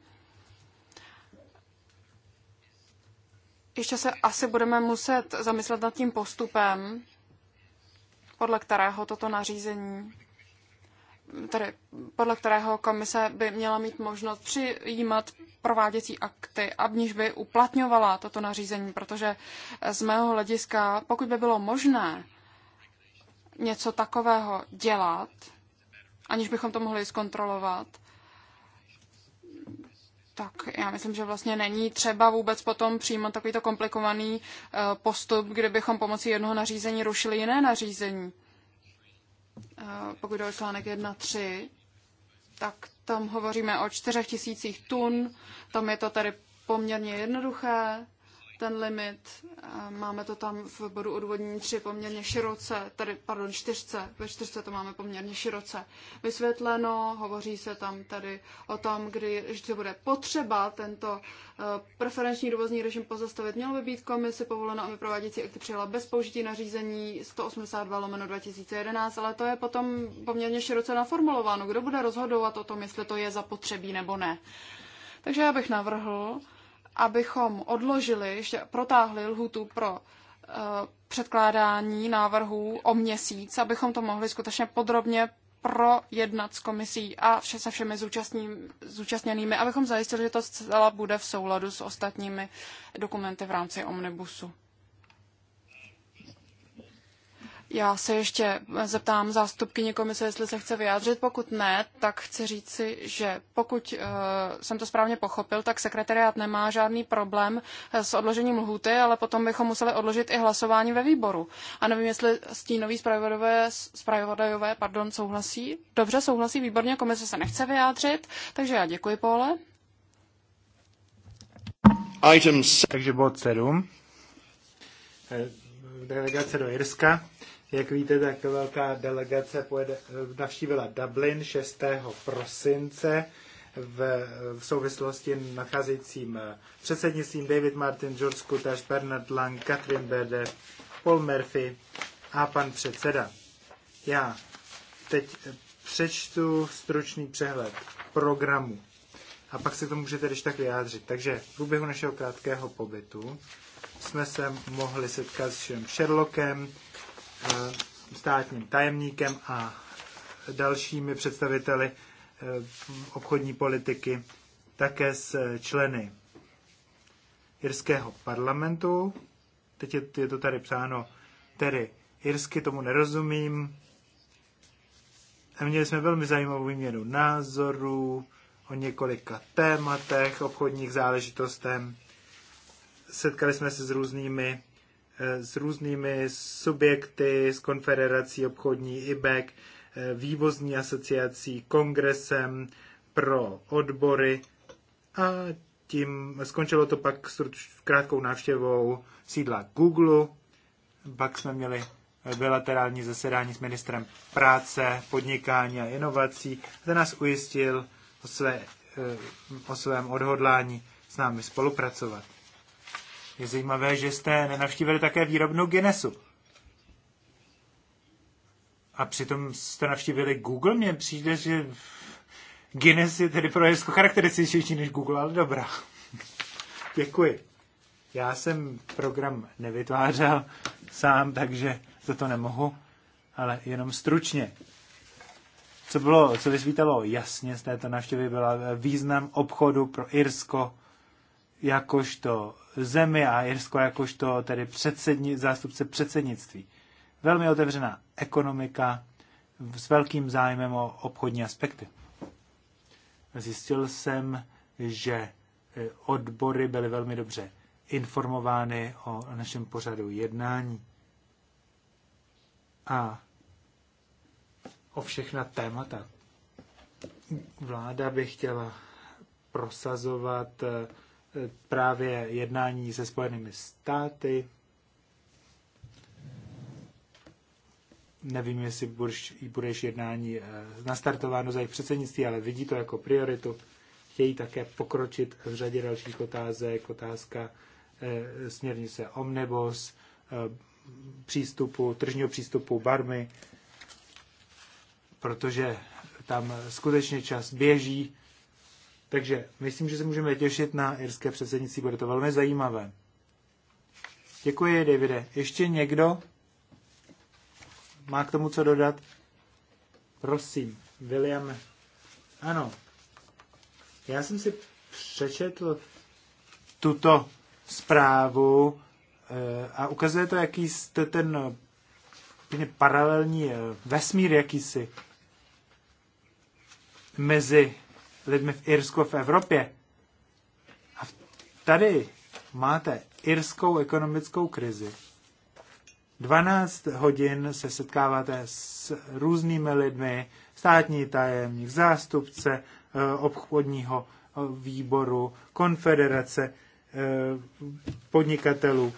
Ještě se asi budeme muset zamyslet nad tím postupem, podle kterého toto nařízení tedy podle kterého komise by měla mít možnost přijímat prováděcí akty, aniž by uplatňovala toto nařízení, protože z mého hlediska, pokud by bylo možné něco takového dělat, aniž bychom to mohli zkontrolovat, tak já myslím, že vlastně není třeba vůbec potom přímo takovýto komplikovaný eh, postup, kde bychom pomocí jednoho nařízení rušili jiné nařízení. Eh, pokud jde o článek 1.3, tak tam hovoříme o čtyřech tisících tun, tam je to tady poměrně jednoduché, ten limit. Máme to tam v bodu odvodní 3 poměrně široce, tedy pardon, 4, ve 4 to máme poměrně široce vysvětleno. Hovoří se tam tady o tom, kdy vždy bude potřeba tento eh, preferenční dovozní režim pozastavit. Mělo by být komisi povoleno, aby prováděcí akty přijela bez použití nařízení 182 lomeno 2011, ale to je potom poměrně široce naformulováno. Kdo bude rozhodovat o tom, jestli to je zapotřebí nebo ne? Takže já bych navrhl, abychom odložili, ještě protáhli lhutu pro eh, předkládání návrhů o měsíc, abychom to mohli skutečně podrobně projednat s komisí a vše, se všemi zúčastněnými, abychom zajistili, že to zcela bude v souladu s ostatními dokumenty v rámci omnibusu. Já se ještě zeptám zástupkyně komise, jestli se chce vyjádřit. Pokud ne, tak chci říci, že pokud uh, jsem to správně pochopil, tak sekretariát nemá žádný problém eh, s odložením lhůty, ale potom bychom museli odložit i hlasování ve výboru. A nevím, jestli stínoví zpravodajové, zpravodajové pardon, souhlasí. Dobře, souhlasí, výborně, komise se nechce vyjádřit, takže já děkuji, Pole. Item Takže bod 7. Eh, delegace do Irska jak víte, tak velká delegace pojede, navštívila Dublin 6. prosince v, v souvislosti nacházejícím eh, předsednictvím David Martin, George Kutáš, Bernard Lang, Catherine Berde, Paul Murphy a pan předseda. Já teď eh, přečtu stručný přehled programu a pak se to můžete když tak vyjádřit. Takže v průběhu našeho krátkého pobytu jsme se mohli setkat s Sherlockem, Eh, státním tajemníkem a dalšími představiteli eh, obchodní politiky, také s členy irského parlamentu. Teď je, je to tady psáno, tedy irsky tomu nerozumím. A měli jsme velmi zajímavou výměnu názorů o několika tématech, obchodních záležitostech. Setkali jsme se s různými Eh, s různými subjekty, s konfederací obchodní IBEC, eh, vývozní asociací, kongresem pro odbory a tím skončilo to pak s krátkou návštěvou sídla Google. Pak jsme měli bilaterální zasedání s ministrem práce, podnikání a inovací. Ten nás ujistil o, své, eh, o svém odhodlání s námi spolupracovat. Je zajímavé, že jste nenavštívili také výrobnu Guinnessu. A přitom jste navštívili Google, mně přijde, že Guinness je tedy pro Jirsko charakterističnější než Google, ale dobrá. Děkuji. Já jsem program nevytvářel sám, takže za to nemohu, ale jenom stručně. Co, bylo, co vysvítalo jasně z této návštěvy byla význam obchodu pro Irsko jakožto zemi a Irsko jakožto tedy předsedni, zástupce předsednictví. Velmi otevřená ekonomika s velkým zájmem o obchodní aspekty. Zjistil jsem, že e, odbory byly velmi dobře informovány o našem pořadu jednání a o všechna témata. Vláda by chtěla prosazovat e, právě jednání se Spojenými státy. Nevím, jestli budeš, budeš jednání eh, nastartováno za jejich předsednictví, ale vidí to jako prioritu. Chtějí také pokročit v řadě dalších otázek, otázka eh, směrnice Omnibus, eh, přístupu, tržního přístupu barmy, protože tam skutečně čas běží takže myslím, že se můžeme těšit na irské předsednictví, bude to velmi zajímavé. Děkuji, Davide. Ještě někdo má k tomu co dodat? Prosím, William. Ano. Já jsem si přečetl tuto zprávu eh, a ukazuje to, jaký jste ten paralelní eh, vesmír jakýsi mezi lidmi v Irsku a v Evropě. A tady máte irskou ekonomickou krizi. 12 hodin se setkáváte s různými lidmi, státní tajemník, zástupce eh, obchodního eh, výboru, konfederace eh, podnikatelů,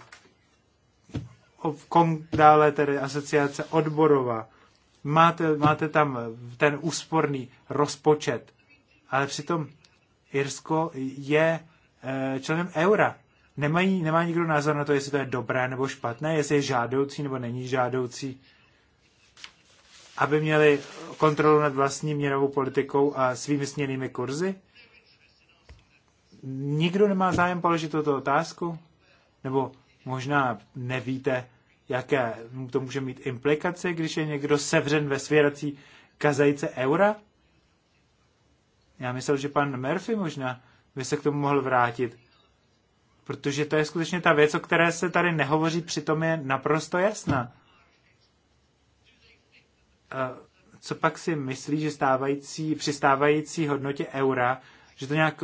dále tedy asociace odborova. Máte, máte tam ten úsporný rozpočet ale přitom Irsko je e, členem eura. Nemají, nemá nikdo názor na to, jestli to je dobré nebo špatné, jestli je žádoucí nebo není žádoucí, aby měli kontrolu nad vlastní měnovou politikou a svými směnými kurzy? Nikdo nemá zájem položit tuto otázku? Nebo možná nevíte, jaké to může mít implikace, když je někdo sevřen ve svěrací kazajce eura? Já myslel, že pan Murphy možná by se k tomu mohl vrátit. Protože to je skutečně ta věc, o které se tady nehovoří, přitom je naprosto jasná. Co pak si myslí, že stávající, při stávající hodnotě eura, že to nějak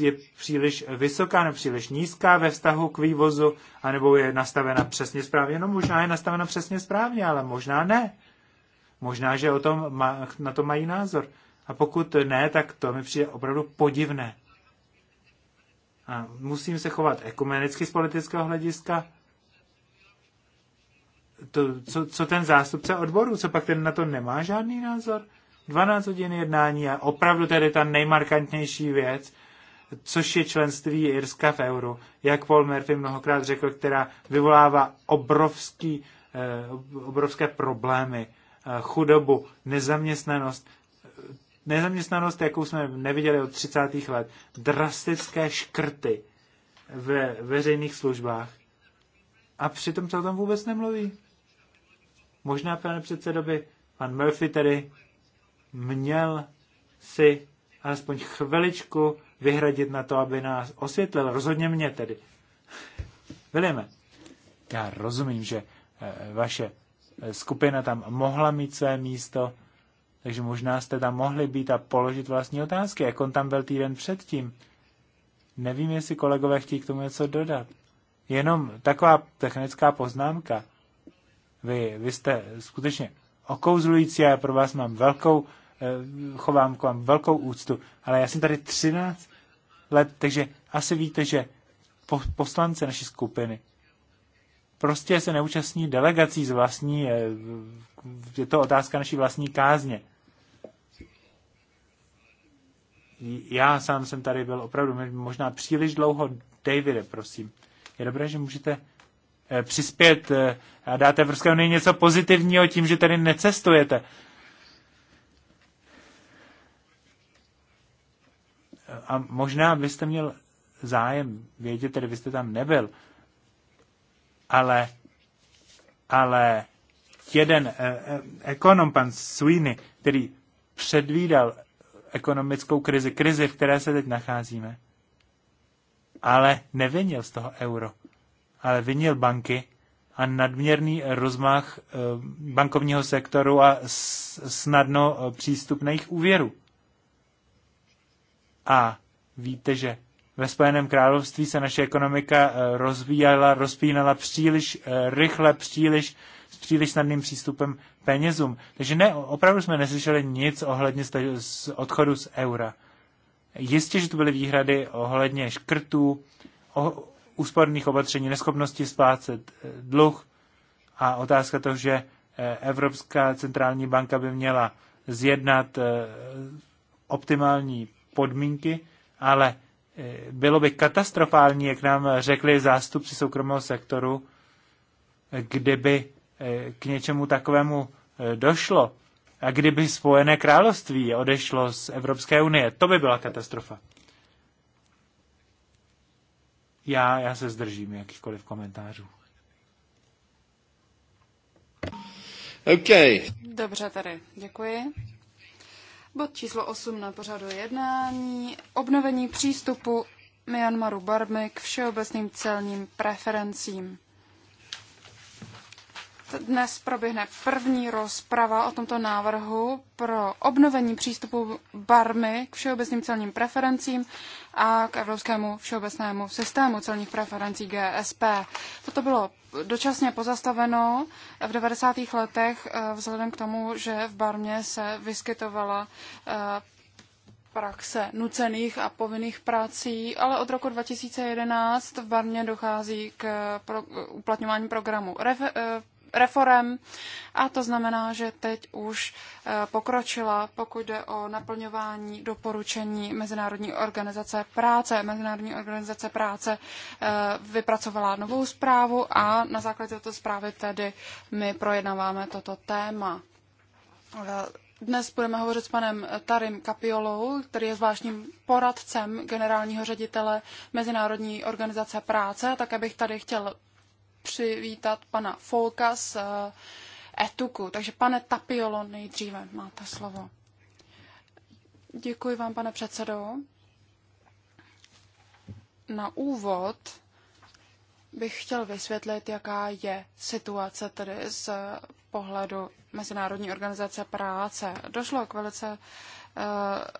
eh, je příliš vysoká nebo příliš nízká ve vztahu k vývozu, anebo je nastavena přesně správně? No možná je nastavena přesně správně, ale možná ne. Možná, že o tom na to mají názor. A pokud ne, tak to mi přijde opravdu podivné. A musím se chovat ekumenicky z politického hlediska. To, co, co ten zástupce odboru, co pak ten na to nemá žádný názor? 12 hodin jednání a opravdu tedy ta nejmarkantnější věc, což je členství Irska v euro, jak Paul Murphy mnohokrát řekl, která vyvolává obrovský, eh, obrovské problémy, eh, chudobu, nezaměstnanost. Nezaměstnanost, jakou jsme neviděli od 30. let, drastické škrty ve veřejných službách. A přitom se o tom vůbec nemluví. Možná, pane předsedo, by pan Murphy tedy měl si alespoň chviličku vyhradit na to, aby nás osvětlil. Rozhodně mě tedy. Vilime, já rozumím, že eh, vaše eh, skupina tam mohla mít své místo, takže možná jste tam mohli být a položit vlastní otázky, jak on tam byl týden předtím. Nevím, jestli kolegové chtějí k tomu něco dodat. Jenom taková technická poznámka. Vy, vy jste skutečně okouzlující a já pro vás mám velkou, eh, chovám k vám velkou úctu, ale já jsem tady 13 let, takže asi víte, že poslanci naší skupiny prostě se neúčastní delegací z vlastní, eh, je to otázka naší vlastní kázně. já sám jsem tady byl opravdu možná příliš dlouho. Davide, prosím. Je dobré, že můžete eh, přispět eh, a dáte Evropské unii něco pozitivního tím, že tady necestujete. A možná byste měl zájem vědět, tedy vy jste tam nebyl, ale, ale jeden eh, eh ekonom, pan Sweeney, který předvídal ekonomickou krizi, krizi, v které se teď nacházíme. Ale nevinil z toho euro, ale vinil banky a nadměrný rozmach eh, bankovního sektoru a snadno eh, přístupných úvěrů. A víte, že ve Spojeném království se naše ekonomika eh, rozvíjela, rozpínala příliš rychle, příliš příliš snadným přístupem penězům. Takže ne, opravdu jsme neslyšeli nic ohledně z odchodu z eura. Jistě, že tu byly výhrady ohledně škrtů, o úsporných opatření, neschopnosti splácet eh, dluh a otázka toho, že eh, Evropská centrální banka by měla zjednat eh, optimální podmínky, ale bylo by katastrofální, jak nám řekli zástupci soukromého sektoru, kdyby Eh, k něčemu takovému eh, došlo a kdyby Spojené království odešlo z Evropské unie, to by byla katastrofa. Já, já se zdržím jakýchkoliv komentářů. Okay. Dobře tady, děkuji. Bod číslo 8 na pořadu jednání. Obnovení přístupu Myanmaru Barmy k všeobecným celním preferencím. Dnes proběhne první rozprava o tomto návrhu pro obnovení přístupu barmy k všeobecným celním preferencím a k evropskému všeobecnému systému celních preferencí GSP. Toto bylo dočasně pozastaveno v 90. letech eh, vzhledem k tomu, že v Barmě se vyskytovala eh, praxe nucených a povinných prací, ale od roku 2011 v Barmě dochází k pro, uplatňování programu eh, reform a to znamená, že teď už eh, pokročila, pokud jde o naplňování doporučení Mezinárodní organizace práce. Mezinárodní organizace práce eh, vypracovala novou zprávu a na základě této zprávy tedy my projednáváme toto téma. Eh, dnes budeme hovořit s panem Tarim Kapiolou, který je zvláštním poradcem generálního ředitele Mezinárodní organizace práce. Také bych tady chtěl přivítat pana Folka z eh, Etuku. Takže pane Tapiolo, nejdříve máte slovo. Děkuji vám, pane předsedo. Na úvod bych chtěl vysvětlit, jaká je situace tedy z pohledu Mezinárodní organizace práce. Došlo k velice eh,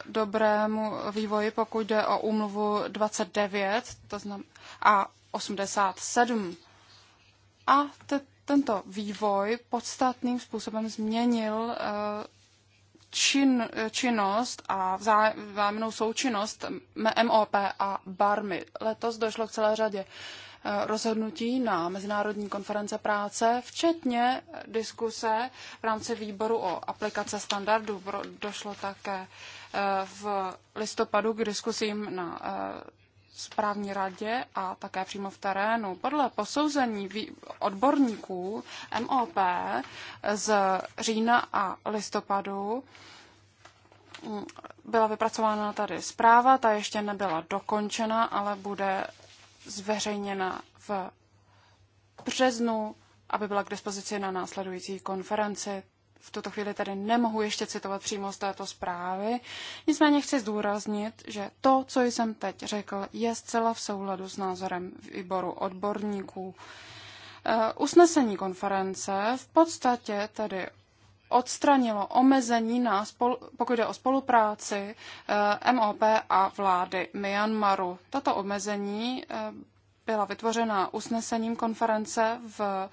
dobrému vývoji, pokud jde o úmluvu 29 to znam, a 87. A te, tento vývoj podstatným způsobem změnil eh, čin, činnost a vzájemnou součinnost MOP a barmy. Letos došlo k celé řadě eh, rozhodnutí na Mezinárodní konference práce, včetně diskuse v rámci výboru o aplikace standardů. Došlo také eh, v listopadu k diskusím na správní radě a také přímo v terénu. Podle posouzení odborníků MOP z října a listopadu mm, byla vypracována tady zpráva, ta ještě nebyla dokončena, ale bude zveřejněna v březnu, aby byla k dispozici na následující konferenci v tuto chvíli tady nemohu ještě citovat přímo z této zprávy. Nicméně chci zdůraznit, že to, co jsem teď řekl, je zcela v souladu s názorem výboru odborníků. Eh, usnesení konference v podstatě tedy odstranilo omezení na, spolu, pokud jde o spolupráci eh, MOP a vlády Myanmaru. Tato omezení eh, byla vytvořena usnesením konference v eh,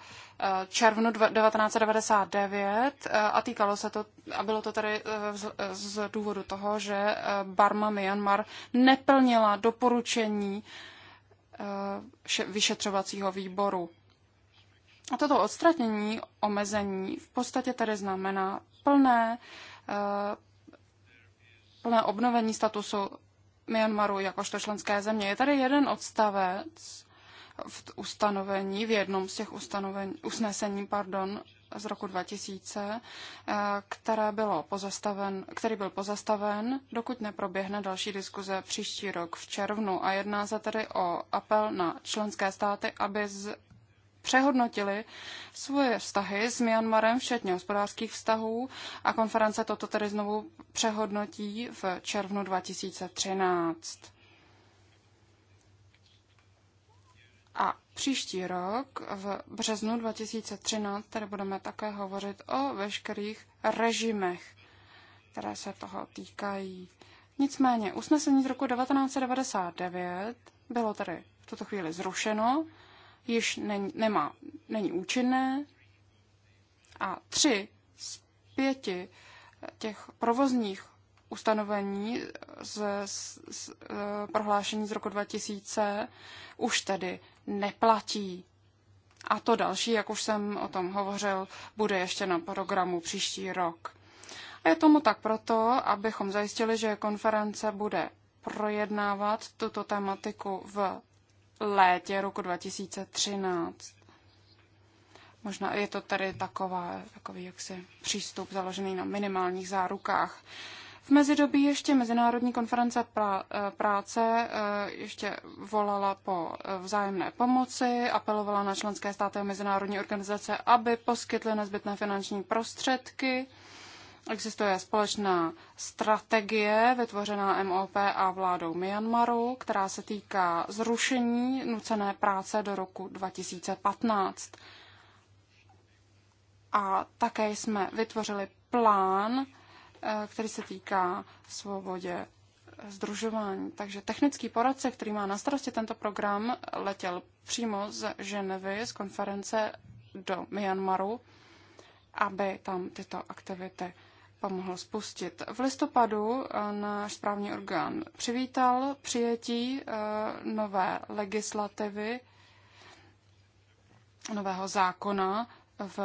červnu 1999 eh, a týkalo se to, a bylo to tady eh, z, z důvodu toho, že Barma Myanmar neplnila doporučení vyšetřovacího výboru. A toto odstranění omezení v podstatě tedy znamená plné, plné obnovení statusu Myanmaru jakožto členské země. Je tady jeden odstavec v ustanovení, v jednom z těch ustanovení, usnesení, pardon, z roku 2000, eh, které bylo pozastaven, který byl pozastaven, dokud neproběhne další diskuze příští rok v červnu. A jedná se tedy o apel na členské státy, aby z, přehodnotili svoje vztahy s Myanmarem, včetně hospodářských vztahů a konference toto tedy znovu přehodnotí v červnu 2013. A příští rok, v březnu 2013, tedy budeme také hovořit o veškerých režimech, které se toho týkají. Nicméně, usnesení z roku 1999 bylo tedy v tuto chvíli zrušeno již není, nemá, není účinné a tři z pěti eh, těch provozních ustanovení z, z, z eh, prohlášení z roku 2000 už tedy neplatí. A to další, jak už jsem o tom hovořil, bude ještě na programu příští rok. A je tomu tak proto, abychom zajistili, že konference bude projednávat tuto tematiku v létě roku 2013. Možná je to tady taková, takový jaksi přístup založený na minimálních zárukách. V mezidobí ještě Mezinárodní konference eh, práce eh, ještě volala po eh, vzájemné pomoci, apelovala na členské státy a mezinárodní organizace, aby poskytly nezbytné finanční prostředky Existuje společná strategie vytvořená MOP a vládou Myanmaru, která se týká zrušení nucené práce do roku 2015. A také jsme vytvořili plán, eh, který se týká svobodě združování. Takže technický poradce, který má na starosti tento program, letěl přímo z Ženevy, z konference do Myanmaru, aby tam tyto aktivity pomohl spustit. V listopadu eh, náš správní orgán přivítal přijetí eh, nové legislativy, nového zákona v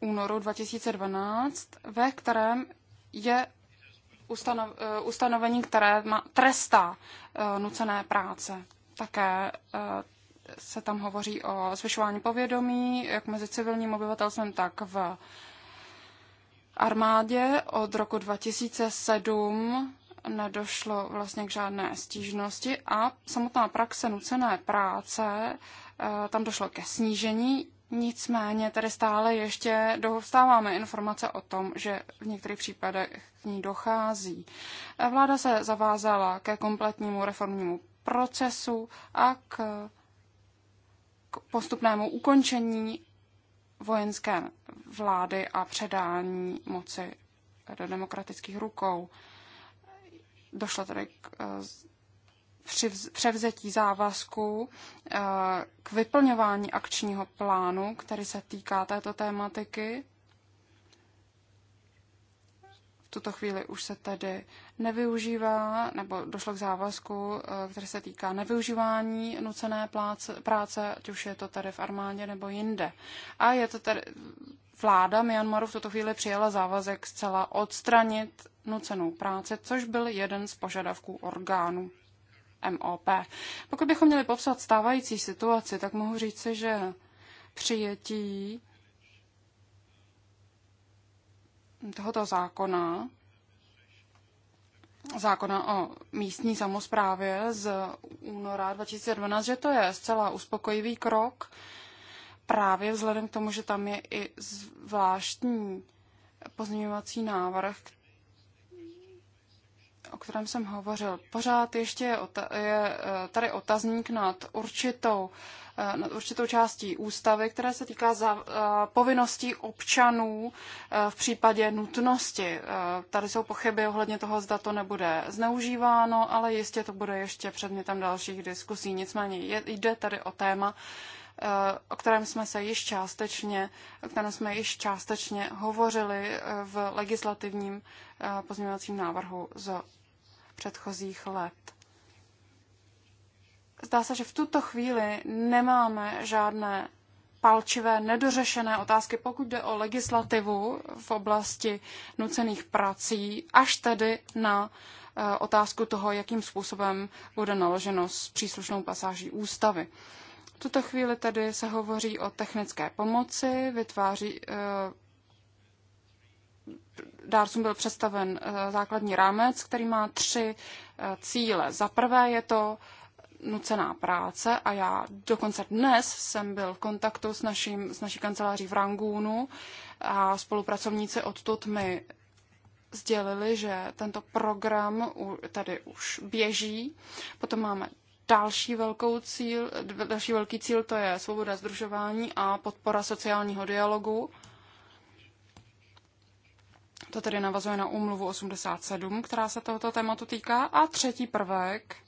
únoru 2012, ve kterém je eh, ustanovení, které má, trestá nucené práce. Také se tam hovoří o zvyšování povědomí, jak mezi civilním obyvatelstvem, tak v armádě. Od roku 2007 nedošlo vlastně k žádné stížnosti a samotná praxe nucené práce, eh, tam došlo ke snížení, nicméně tady stále ještě dostáváme informace o tom, že v některých případech k ní dochází. Eh, vláda se zavázala ke kompletnímu reformnímu procesu a k, k postupnému ukončení vojenské vlády a předání moci do demokratických rukou. Došlo tedy k eh, převzetí závazku eh, k vyplňování akčního plánu, který se týká této tématiky tuto chvíli už se tedy nevyužívá, nebo došlo k závazku, eh, který se týká nevyužívání nucené pláce, práce, ať už je to tady v armádě nebo jinde. A je to tady, vláda Myanmaru v tuto chvíli přijala závazek zcela odstranit nucenou práci, což byl jeden z požadavků orgánů MOP. Pokud bychom měli popsat stávající situaci, tak mohu říci, že přijetí tohoto zákona, zákona o místní samozprávě z února 2012, že to je zcela uspokojivý krok, právě vzhledem k tomu, že tam je i zvláštní pozměňovací návrh, o kterém jsem hovořil. Pořád ještě je, je eh, tady otazník nad určitou Eh, nad určitou částí ústavy, která se týká za, eh, povinností občanů eh, v případě nutnosti. Tady jsou pochyby ohledně toho, zda to nebude zneužíváno, ale jistě to bude ještě předmětem dalších diskusí. Nicméně jde tady o téma, o kterém jsme se již částečně, o kterém jsme již částečně hovořili v legislativním pozměňovacím návrhu z předchozích let. Zdá se, že v tuto chvíli nemáme žádné palčivé, nedořešené otázky, pokud jde o legislativu v oblasti nucených prací, až tedy na eh, otázku toho, jakým způsobem bude naloženo s příslušnou pasáží ústavy. V tuto chvíli tedy se hovoří o technické pomoci, vytváří, eh, dárcům byl představen eh, základní rámec, který má tři cíle. Za prvé je to nucená práce a já dokonce dnes jsem byl v kontaktu s, naším, s naší kanceláří v Rangúnu a spolupracovníci odtud mi sdělili, že tento program tady už běží. Potom máme další, velkou cíl, další velký cíl, to je svoboda združování a podpora sociálního dialogu. To tedy navazuje na úmluvu 87, která se tohoto tématu týká. A třetí prvek –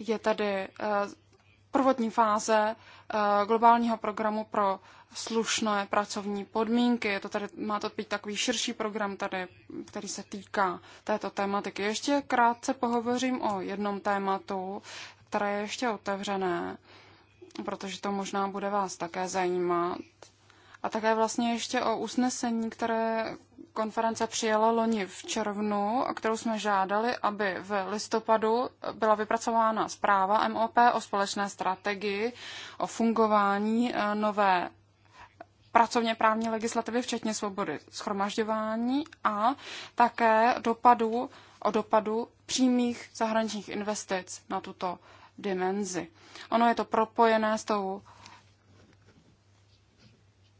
je tady eh, prvotní fáze eh, globálního programu pro slušné pracovní podmínky. Je to tady, má to být takový širší program tady, který se týká této tématiky. Ještě krátce pohovořím o jednom tématu, které je ještě otevřené, protože to možná bude vás také zajímat. A také vlastně ještě o usnesení, které konference přijela loni v červnu, o kterou jsme žádali, aby v listopadu byla vypracována zpráva MOP o společné strategii, o fungování e, nové pracovně právní legislativy, včetně svobody schromažďování a také dopadu, o dopadu přímých zahraničních investic na tuto dimenzi. Ono je to propojené s tou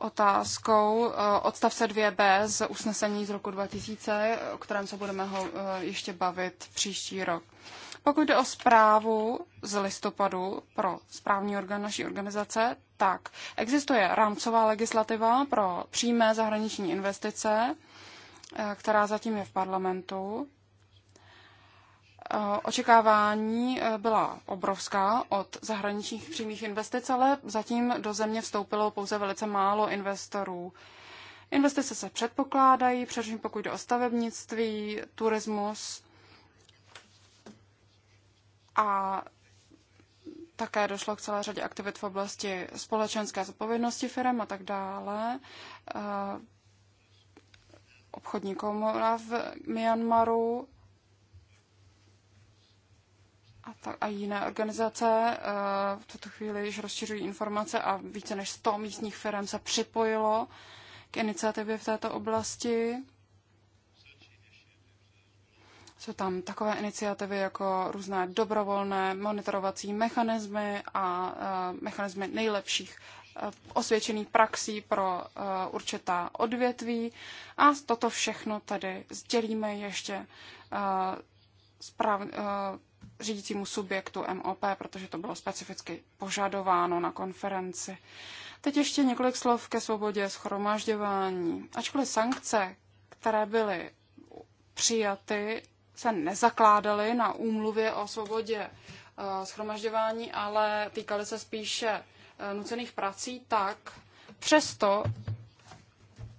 otázkou eh, odstavce 2b z usnesení z roku 2000, o kterém se budeme ho eh, ještě bavit příští rok. Pokud jde o zprávu z listopadu pro správní orgán naší organizace, tak existuje rámcová legislativa pro přímé zahraniční investice, eh, která zatím je v parlamentu. Eh, očekávání eh, byla obrovská od zahraničních přímých investic, ale zatím do země vstoupilo pouze velice málo investorů. Investice se předpokládají, především pokud jde o stavebnictví, turismus a také došlo k celé řadě aktivit v oblasti společenské zodpovědnosti firm a tak dále. Eh, obchodní komora v Myanmaru a, ta, a jiné organizace eh, v tuto chvíli již rozšiřují informace a více než 100 místních firm se připojilo k iniciativě v této oblasti. Jsou tam takové iniciativy jako různé dobrovolné monitorovací mechanismy a eh, mechanismy nejlepších eh, osvědčených praxí pro určitá odvětví. A toto všechno tady sdělíme ještě Uh, řídícímu subjektu MOP, protože to bylo specificky požadováno na konferenci. Teď ještě několik slov ke svobodě schromažďování. Ačkoliv sankce, které byly přijaty, se nezakládaly na úmluvě o svobodě eh, schromažďování, ale týkaly se spíše eh, nucených prací, tak přesto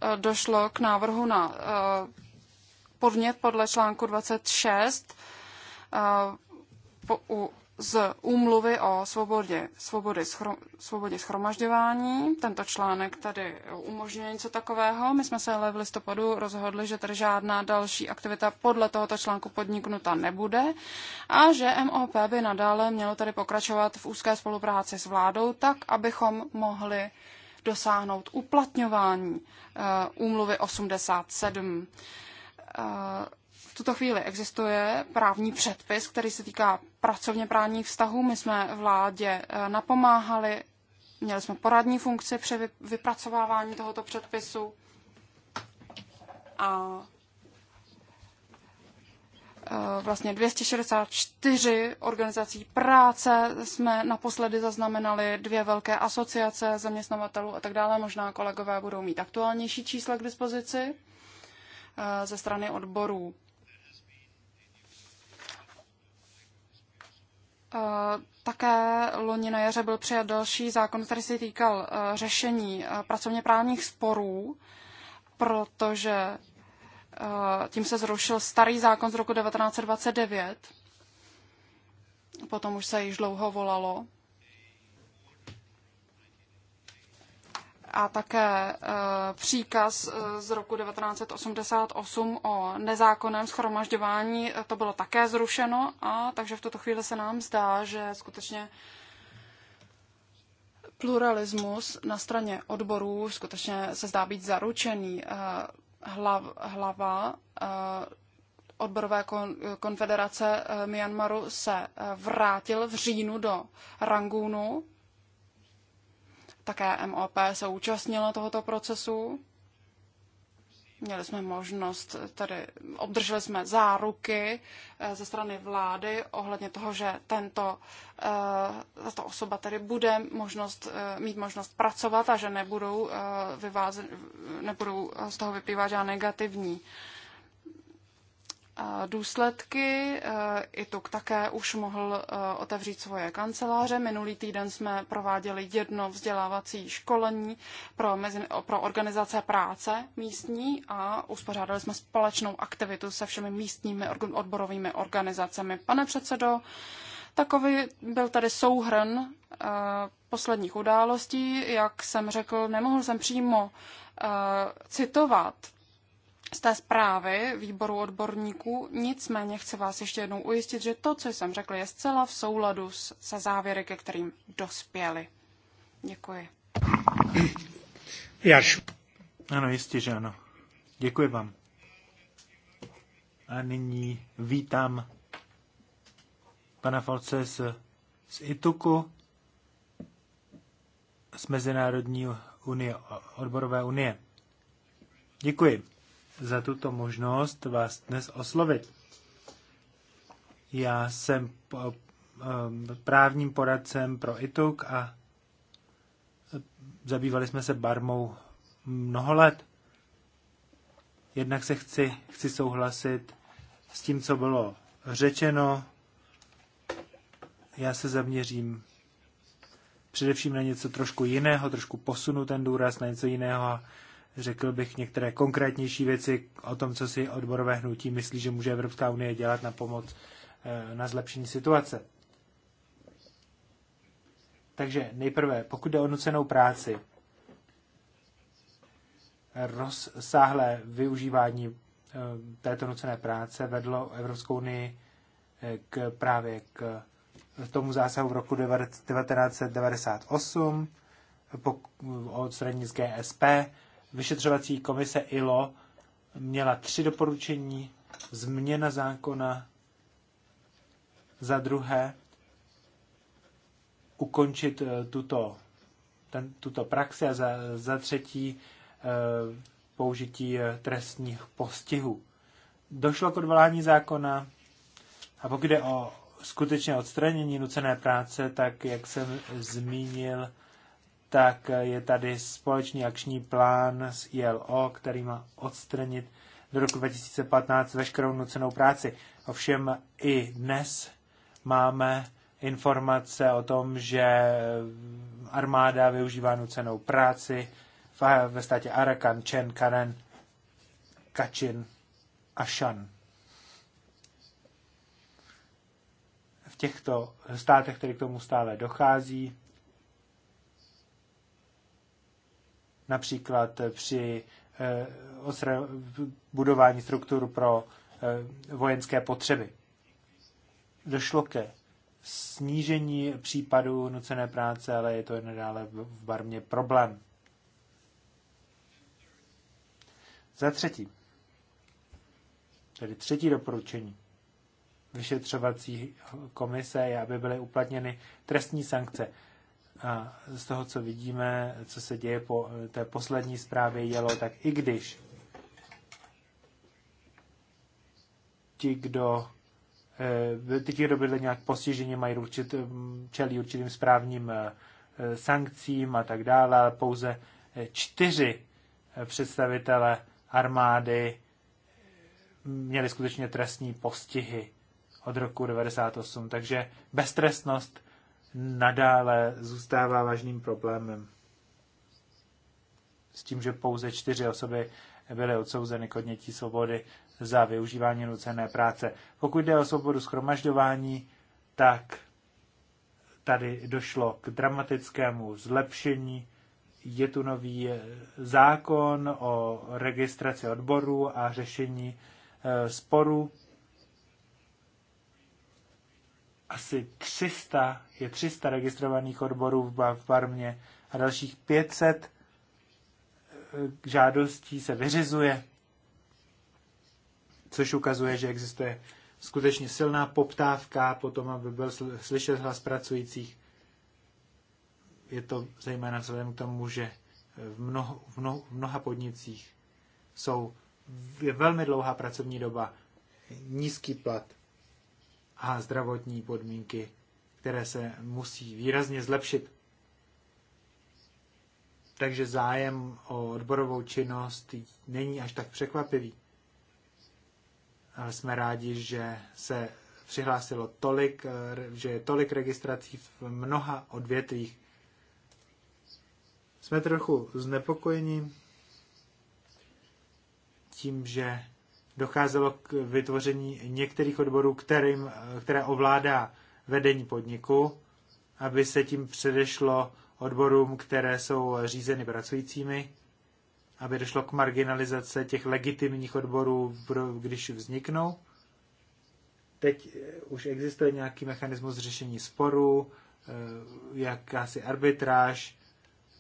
eh, došlo k návrhu na podnět podle článku 26 u, z úmluvy o svobodě, svobody, schrom, svobodě schromažďování. Tento článek tady umožňuje něco takového. My jsme se ale v listopadu rozhodli, že tady žádná další aktivita podle tohoto článku podniknuta nebude a že MOP by nadále mělo tady pokračovat v úzké spolupráci s vládou tak, abychom mohli dosáhnout uplatňování eh, úmluvy 87. Uh, tuto chvíli existuje právní předpis, který se týká pracovně právních vztahů. My jsme vládě eh, napomáhali, měli jsme poradní funkci při vypracovávání tohoto předpisu a eh, vlastně 264 organizací práce jsme naposledy zaznamenali, dvě velké asociace zaměstnavatelů a tak dále. Možná kolegové budou mít aktuálnější čísla k dispozici eh, ze strany odborů. Eh, také loni na jaře byl přijat další zákon, který se týkal eh, řešení eh, pracovně právních sporů, protože tím se zrušil starý zákon z roku 1929. Potom už se již dlouho volalo a také eh, příkaz eh, z roku 1988 o nezákonném schromažďování, eh, to bylo také zrušeno a takže v tuto chvíli se nám zdá, že skutečně pluralismus na straně odborů skutečně se zdá být zaručený. Hlav, hlava odborové konfederace Myanmaru se vrátil v říjnu do Rangunu také MOP se účastnila tohoto procesu. Měli jsme možnost, tady obdrželi jsme záruky eh, ze strany vlády ohledně toho, že tento, eh, tato osoba tedy bude možnost, eh, mít možnost pracovat a že nebudou, vyváze, nebudou z toho vyplývat žádné negativní důsledky. E, i tuk také už mohl e, otevřít svoje kanceláře. Minulý týden jsme prováděli jedno vzdělávací školení pro, mezi, pro organizace práce místní a uspořádali jsme společnou aktivitu se všemi místními odborovými organizacemi. Pane předsedo, Takový byl tady souhrn e, posledních událostí. Jak jsem řekl, nemohl jsem přímo citovat z té zprávy výboru odborníků, nicméně chci vás ještě jednou ujistit, že to, co jsem řekl, je zcela v souladu se závěry, ke kterým dospěli. Děkuji. Jaš. Ano, jistě, že ano. Děkuji vám. A nyní vítám pana Falce z, z ITUKu, z Mezinárodní unie, odborové unie. Děkuji za tuto možnost vás dnes oslovit. Já jsem eh, právním poradcem pro ITUK a eh, zabývali jsme se barmou mnoho let. Jednak se chci, chci souhlasit s tím, co bylo řečeno. Já se zaměřím především na něco trošku jiného, trošku posunu ten důraz na něco jiného řekl bych některé konkrétnější věci o tom, co si odborové hnutí myslí, že může Evropská unie dělat na pomoc eh, na zlepšení situace. Takže nejprve, pokud jde o nucenou práci, rozsáhlé využívání eh, této nucené práce vedlo Evropskou unii eh, k právě k tomu zásahu v roku 1998 o odstranění z GSP vyšetřovací komise ILO měla tři doporučení. Změna zákona za druhé ukončit eh, tuto, ten, tuto praxi a za, za třetí eh, použití eh, trestních postihů. Došlo k odvolání zákona a pokud jde o skutečné odstranění nucené práce, tak jak jsem zmínil, tak je tady společný akční plán s ILO, který má odstranit do roku 2015 veškerou nucenou práci. Ovšem i dnes máme informace o tom, že armáda využívá nucenou práci ve státě Arakan, Chen, Karen, Kačin a Shan. V těchto státech, které k tomu stále dochází, například při eh, budování struktur pro eh, vojenské potřeby. Došlo ke snížení případů nucené práce, ale je to nadále v barmě problém. Za třetí, tedy třetí doporučení vyšetřovací komise je, aby byly uplatněny trestní sankce a z toho, co vidíme, co se děje po té poslední zprávě jelo, tak i když ti, kdo eh, ty, kdo byli nějak postiženi, mají určit, čelí určitým správním eh, sankcím a tak dále, ale pouze eh, čtyři představitele armády mm, měli skutečně trestní postihy od roku 1998. Takže beztrestnost nadále zůstává vážným problémem. S tím, že pouze čtyři osoby byly odsouzeny k odnětí svobody za využívání nucené práce. Pokud jde o svobodu schromažďování, tak tady došlo k dramatickému zlepšení. Je tu nový zákon o registraci odborů a řešení eh, sporů asi 300, je 300 registrovaných odborů v Barmě a dalších 500 eh, žádostí se vyřizuje, což ukazuje, že existuje skutečně silná poptávka po tom, aby byl slyšet hlas pracujících. Je to zejména vzhledem k tomu, že v, mnoho, v, mnoho, v mnoha podnicích jsou je velmi dlouhá pracovní doba, nízký plat a zdravotní podmínky, které se musí výrazně zlepšit. Takže zájem o odborovou činnost není až tak překvapivý. Ale jsme rádi, že se přihlásilo tolik, že je tolik registrací v mnoha odvětvích. Jsme trochu znepokojeni tím, že docházelo k vytvoření některých odborů, kterým, které ovládá vedení podniku, aby se tím předešlo odborům, které jsou řízeny pracujícími, aby došlo k marginalizace těch legitimních odborů, když vzniknou. Teď eh, už existuje nějaký mechanismus řešení sporů, eh, jakási arbitráž,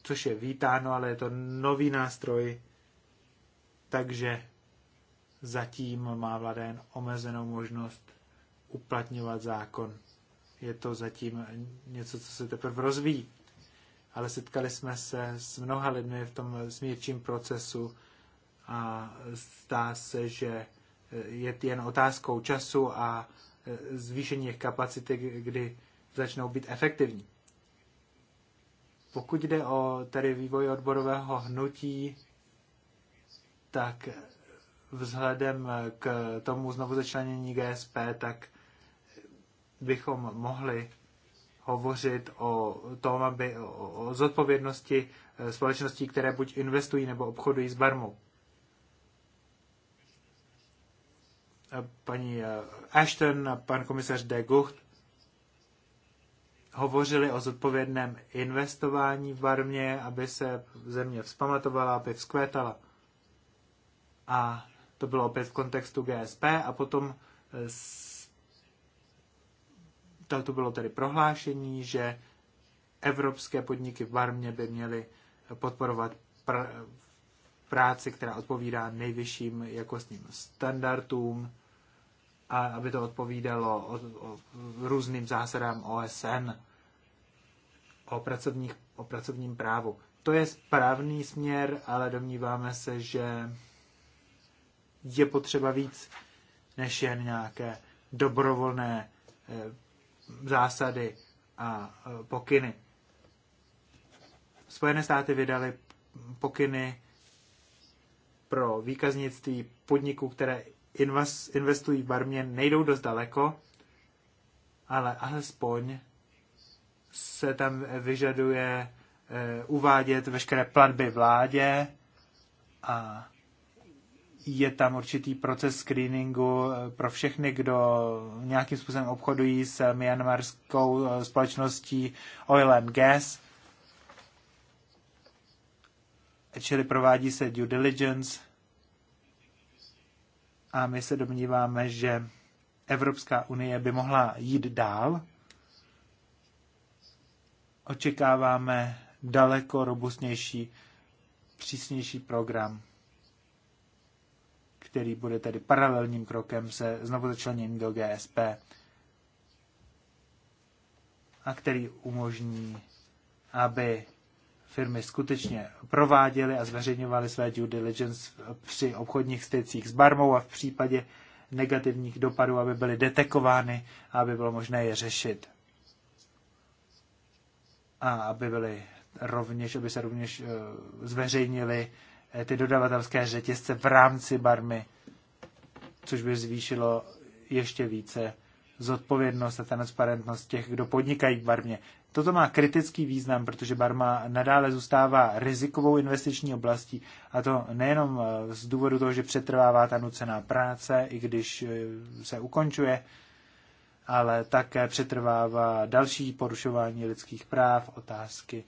což je vítáno, ale je to nový nástroj, takže zatím má vláda jen omezenou možnost uplatňovat zákon. Je to zatím něco, co se teprve rozvíjí. Ale setkali jsme se s mnoha lidmi v tom smírčím procesu a stá se, že je jen otázkou času a e, zvýšení jejich kapacity, kdy začnou být efektivní. Pokud jde o tedy vývoj odborového hnutí, tak vzhledem k tomu znovu začlenění GSP, tak bychom mohli hovořit o tom, aby o, zodpovědnosti eh, společností, které buď investují nebo obchodují s barmou. Eh, paní eh, Ashton a pan komisař de Gucht hovořili o zodpovědném investování v barmě, aby se země vzpamatovala, aby vzkvétala. A to bylo opět v kontextu GSP a potom eh, to bylo tedy prohlášení, že evropské podniky v Barmě by měly podporovat pr- práci, která odpovídá nejvyšším jakostním standardům a aby to odpovídalo o, o různým zásadám OSN o, pracovních, o pracovním právu. To je správný směr, ale domníváme se, že je potřeba víc než jen nějaké dobrovolné eh, zásady a eh, pokyny. Spojené státy vydaly pokyny pro výkaznictví podniků, které investují v Barmě, nejdou dost daleko, ale alespoň se tam vyžaduje eh, uvádět veškeré platby vládě a je tam určitý proces screeningu eh, pro všechny, kdo nějakým způsobem obchodují s myanmarskou eh, společností Oil and Gas. Čili provádí se due diligence a my se domníváme, že Evropská unie by mohla jít dál. Očekáváme daleko robustnější, přísnější program který bude tedy paralelním krokem se znovu začleněním do GSP a který umožní, aby firmy skutečně prováděly a zveřejňovaly své due diligence při obchodních stycích s barmou a v případě negativních dopadů, aby byly detekovány a aby bylo možné je řešit. A aby byly rovněž, aby se rovněž eh, zveřejnily Eh, ty dodavatelské řetězce v rámci barmy, což by zvýšilo ještě více zodpovědnost a transparentnost těch, kdo podnikají v barmě. Toto má kritický význam, protože Barma nadále zůstává rizikovou investiční oblastí a to nejenom eh, z důvodu toho, že přetrvává ta nucená práce, i když eh, se ukončuje, ale také přetrvává další porušování lidských práv, otázky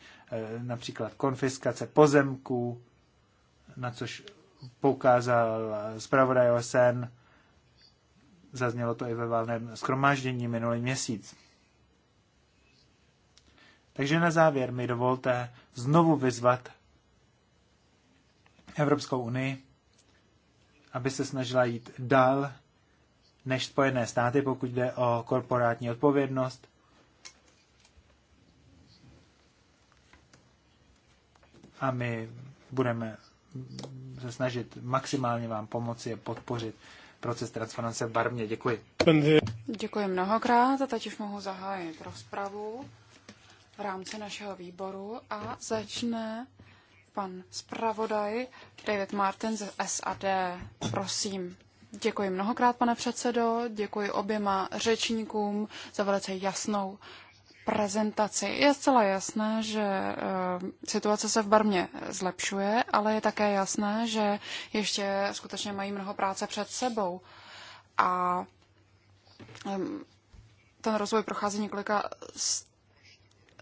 například konfiskace pozemků, na což poukázal zpravodaj OSN, zaznělo to i ve válném schromáždění minulý měsíc. Takže na závěr mi dovolte znovu vyzvat Evropskou unii, aby se snažila jít dál než Spojené státy, pokud jde o korporátní odpovědnost. A my budeme se snažit maximálně vám pomoci a podpořit proces transformace v Děkuji. Děkuji mnohokrát a teď už mohu zahájit rozpravu v rámci našeho výboru a začne pan zpravodaj David Martin ze SAD. Prosím. Děkuji mnohokrát, pane předsedo, děkuji oběma řečníkům za velice jasnou prezentaci. Je zcela jasné, že eh, situace se v Barmě zlepšuje, ale je také jasné, že ještě skutečně mají mnoho práce před sebou. A ehm, ten rozvoj prochází několika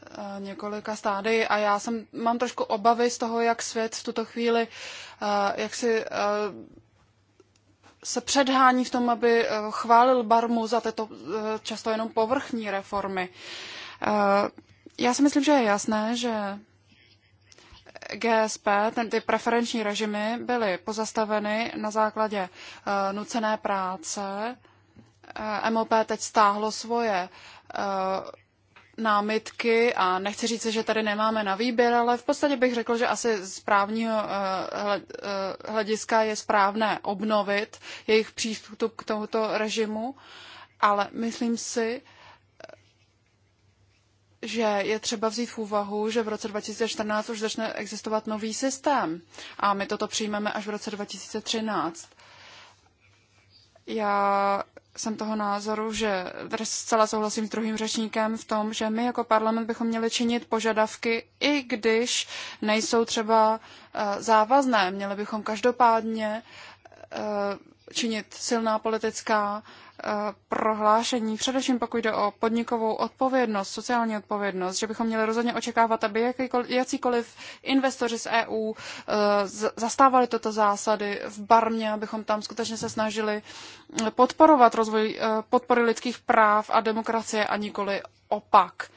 eh, několika stády a já jsem, mám trošku obavy z toho, jak svět v tuto chvíli, eh, jak si se předhání v tom, aby chválil Barmu za tyto často jenom povrchní reformy. Eh, já si myslím, že je jasné, že GSP, ten, ty preferenční režimy, byly pozastaveny na základě uh, nucené práce. Uh, eh, MOP teď stáhlo svoje uh, námitky a nechci říct, že tady nemáme na výběr, ale v podstatě bych řekl, že asi z právního hlediska je správné obnovit jejich přístup k tomuto režimu, ale myslím si, uh, že je třeba vzít v úvahu, že v roce 2014 už začne existovat nový systém a my toto přijmeme až v roce 2013. Já jsem toho názoru, že zcela souhlasím s druhým řečníkem v tom, že my jako parlament bychom měli činit požadavky, i když nejsou třeba eh, závazné. Měli bychom každopádně eh, činit silná politická eh, prohlášení, především pokud jde o podnikovou odpovědnost, sociální odpovědnost, že bychom měli rozhodně očekávat, aby jakýkoliv investoři z EU eh, zastávali toto zásady v barmě, abychom tam skutečně se snažili eh, podporovat rozvoj podpory lidských práv a demokracie a nikoli opak.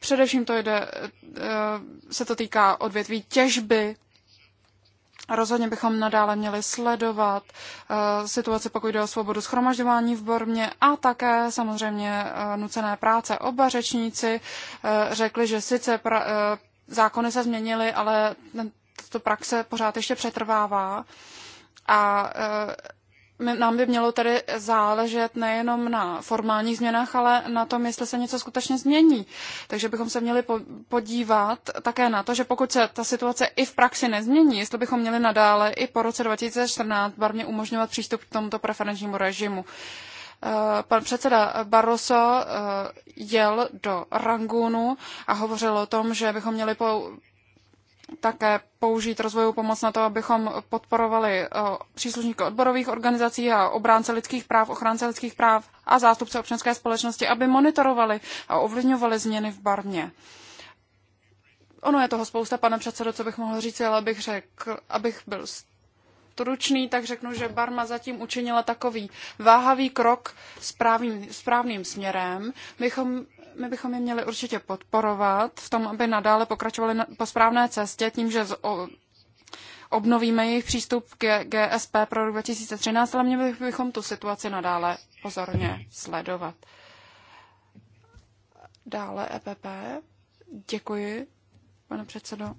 Především to jde, se to týká odvětví těžby, Rozhodně bychom nadále měli sledovat uh, situaci, pokud jde o svobodu schromažďování v Bormě a také samozřejmě uh, nucené práce. Oba řečníci uh, řekli, že sice pra, zákony se změnily, ale tato praxe pořád ještě přetrvává. A nám by mělo tedy záležet nejenom na formálních změnách, ale na tom, jestli se něco skutečně změní. Takže bychom se měli podívat také na to, že pokud se ta situace i v praxi nezmění, jestli bychom měli nadále i po roce 2014 barmě umožňovat přístup k tomuto preferenčnímu režimu. Eh, pan předseda Barroso eh, jel do Rangunu a hovořil o tom, že bychom měli také použít rozvojovou pomoc na to, abychom podporovali eh, příslušníky odborových organizací a obránce lidských práv, ochránce lidských práv a zástupce občanské společnosti, aby monitorovali a ovlivňovali změny v barmě. Ono je toho spousta, pane předsedo, co bych mohl říct, ale abych řekl, abych byl stručný, tak řeknu, že Barma zatím učinila takový váhavý krok správný, správným směrem. Bychom, my bychom je měli určitě podporovat v tom, aby nadále pokračovali na, po správné cestě tím, že z, o, obnovíme jejich přístup k GSP pro rok 2013, ale měli bychom tu situaci nadále pozorně sledovat. Dále EPP. Děkuji, pane předsedo.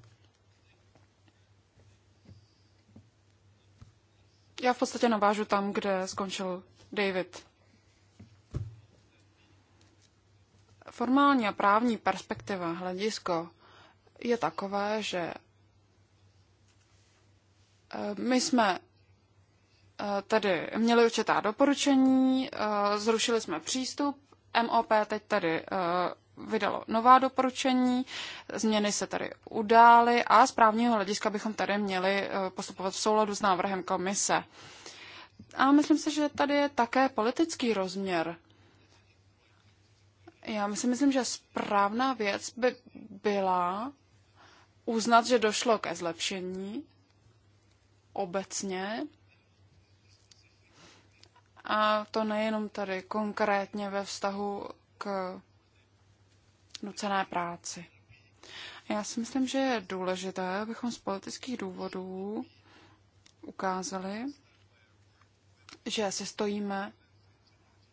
Já v podstatě navážu tam, kde skončil David. Formální a právní perspektiva, hledisko je takové, že eh, my jsme eh, tedy měli určitá doporučení, eh, zrušili jsme přístup, MOP teď tady vydalo nová doporučení, změny se tady udály a z právního hlediska bychom tady měli postupovat v souladu s návrhem komise. A myslím si, že tady je také politický rozměr já si myslím, že správná věc by byla uznat, že došlo ke zlepšení obecně. A to nejenom tady konkrétně ve vztahu k nucené práci. Já si myslím, že je důležité, abychom z politických důvodů ukázali, že si stojíme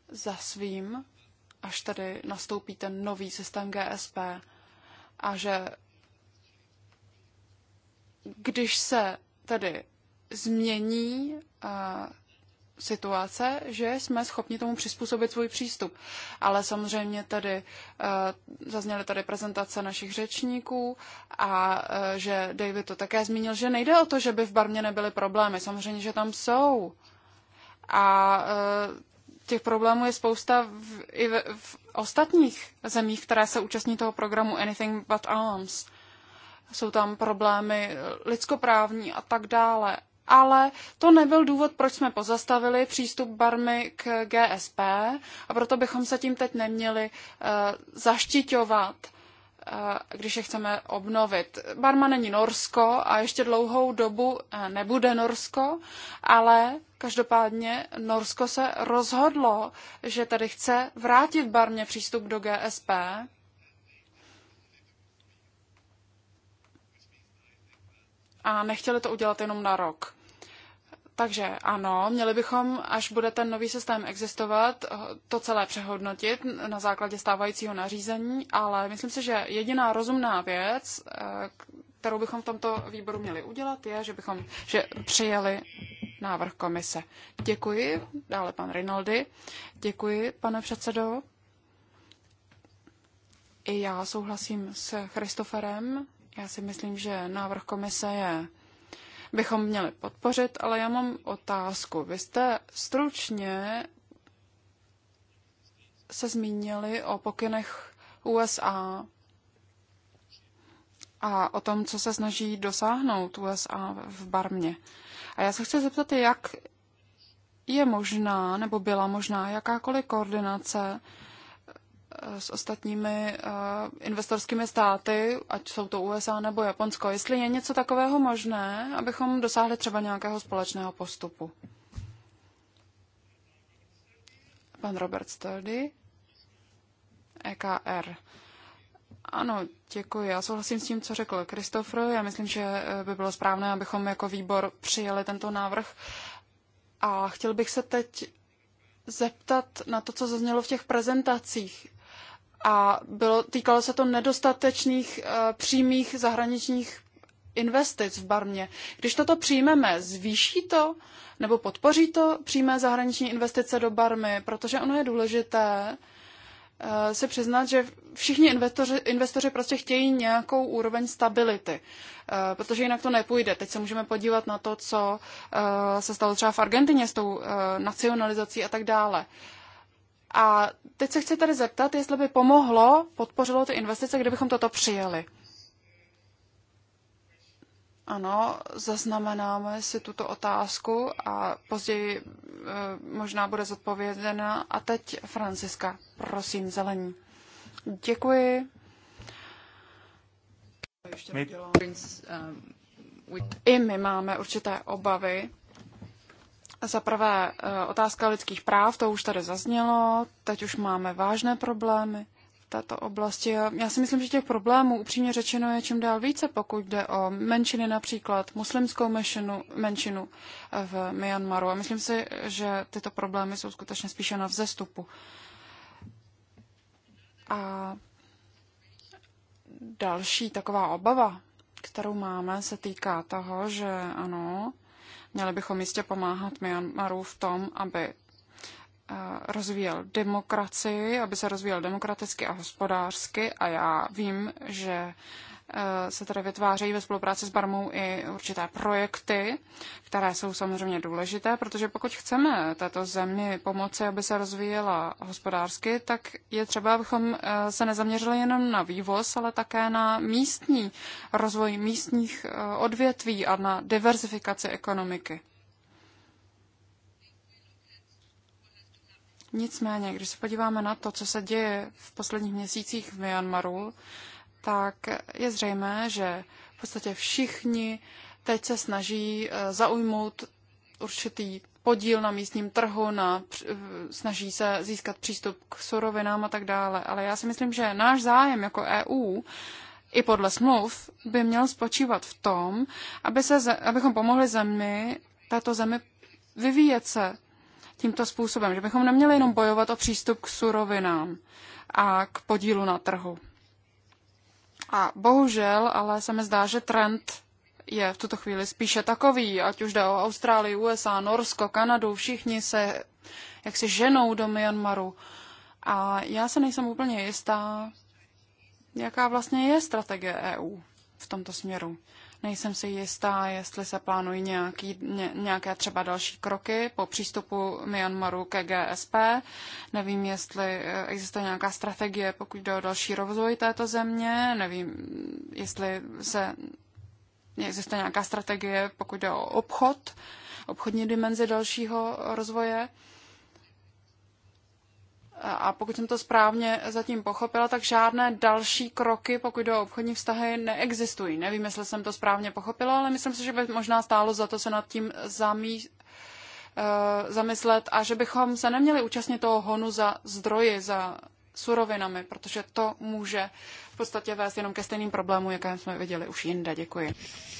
za svým až tady nastoupí ten nový systém GSP a že když se tedy změní a, eh, situace, že jsme schopni tomu přizpůsobit svůj přístup. Ale samozřejmě tady uh, zazněly tady prezentace našich řečníků a uh, že David to také zmínil, že nejde o to, že by v Barmě nebyly problémy. Samozřejmě, že tam jsou. A uh, těch problémů je spousta v, i v, v ostatních zemích, které se účastní toho programu Anything But Arms. Jsou tam problémy lidskoprávní a tak dále. Ale to nebyl důvod, proč jsme pozastavili přístup Barmy k GSP a proto bychom se tím teď neměli uh, zaštiťovat když je chceme obnovit. Barma není Norsko a ještě dlouhou dobu eh, nebude Norsko, ale každopádně Norsko se rozhodlo, že tady chce vrátit Barmě přístup do GSP. A nechtěli to udělat jenom na rok. Takže ano, měli bychom, až bude ten nový systém existovat, to celé přehodnotit na základě stávajícího nařízení, ale myslím si, že jediná rozumná věc, eh, kterou bychom v tomto výboru měli udělat, je, že bychom že přijeli návrh komise. Děkuji, dále pan Rinaldi. Děkuji, pane předsedo. I já souhlasím s Christoferem. Já si myslím, že návrh komise je bychom měli podpořit, ale já mám otázku. Vy jste stručně se zmínili o pokynech USA a o tom, co se snaží dosáhnout USA v Barmě. A já se chci zeptat, jak je možná, nebo byla možná jakákoliv koordinace s ostatními eh, investorskými státy, ať jsou to USA nebo Japonsko, jestli je něco takového možné, abychom dosáhli třeba nějakého společného postupu. Pan Robert Sturdy, EKR. Ano, děkuji. Já souhlasím s tím, co řekl Kristofr. Já myslím, že eh, by bylo správné, abychom jako výbor přijeli tento návrh. A chtěl bych se teď zeptat na to, co zaznělo v těch prezentacích a bylo, týkalo se to nedostatečných eh, přímých zahraničních investic v Barmě. Když toto přijmeme, zvýší to nebo podpoří to přímé zahraniční investice do Barmy, protože ono je důležité Se eh, si přiznat, že všichni investoři, investoři prostě chtějí nějakou úroveň stability, eh, protože jinak to nepůjde. Teď se můžeme podívat na to, co se stalo třeba v Argentině s tou nacionalizací a tak dále. A teď se chci tady zeptat, jestli by pomohlo, podpořilo ty investice, kdybychom toto přijali. Ano, zaznamenáme si tuto otázku a později eh, možná bude zodpovězena. A teď Franciska, prosím, zelení. Děkuji. My... I my máme určité obavy za prvé eh, otázka lidských práv, to už tady zaznělo, teď už máme vážné problémy v této oblasti. Já si myslím, že těch problémů upřímně řečeno je čím dál více, pokud jde o menšiny například, muslimskou menšinu, menšinu eh, v Myanmaru. A myslím si, že tyto problémy jsou skutečně spíše na vzestupu. A další taková obava, kterou máme, se týká toho, že ano, Měli bychom jistě pomáhat Myanmaru v tom, aby eh, rozvíjel demokracii, aby se rozvíjel demokraticky a hospodářsky. A já vím, že Eh, se tedy vytvářejí ve spolupráci s Barmou i určité projekty, které jsou samozřejmě důležité, protože pokud chceme této zemi pomoci, aby se rozvíjela hospodářsky, tak je třeba, abychom eh, se nezaměřili jenom na vývoz, ale také na místní rozvoj místních eh, odvětví a na diverzifikaci ekonomiky. Nicméně, když se podíváme na to, co se děje v posledních měsících v Myanmaru, tak je zřejmé, že v podstatě všichni teď se snaží eh, zaujmout určitý podíl na místním trhu, na, eh, snaží se získat přístup k surovinám a tak dále. Ale já si myslím, že náš zájem jako EU i podle smluv by měl spočívat v tom, aby se, abychom pomohli zemi, této zemi vyvíjet se tímto způsobem, že bychom neměli jenom bojovat o přístup k surovinám a k podílu na trhu. A bohužel, ale se mi zdá, že trend je v tuto chvíli spíše takový, ať už jde o Austrálii, USA, Norsko, Kanadu, všichni se jak se ženou do Myanmaru. A já se nejsem úplně jistá, jaká vlastně je strategie EU v tomto směru. Nejsem si jistá, jestli se plánují nějaký, ně, nějaké třeba další kroky po přístupu Myanmaru ke GSP. Nevím, jestli eh, existuje nějaká strategie, pokud jde o další rozvoj této země. Nevím, jestli se existuje nějaká strategie, pokud jde o obchod, obchodní dimenzi dalšího rozvoje. A pokud jsem to správně zatím pochopila, tak žádné další kroky, pokud jde o obchodní vztahy, neexistují. Nevím, jestli jsem to správně pochopila, ale myslím si, že by možná stálo za to se nad tím zamí, eh, zamyslet a že bychom se neměli účastnit toho honu za zdroji, za surovinami, protože to může v podstatě vést jenom ke stejným problémům, jaké jsme viděli už jinde. Děkuji.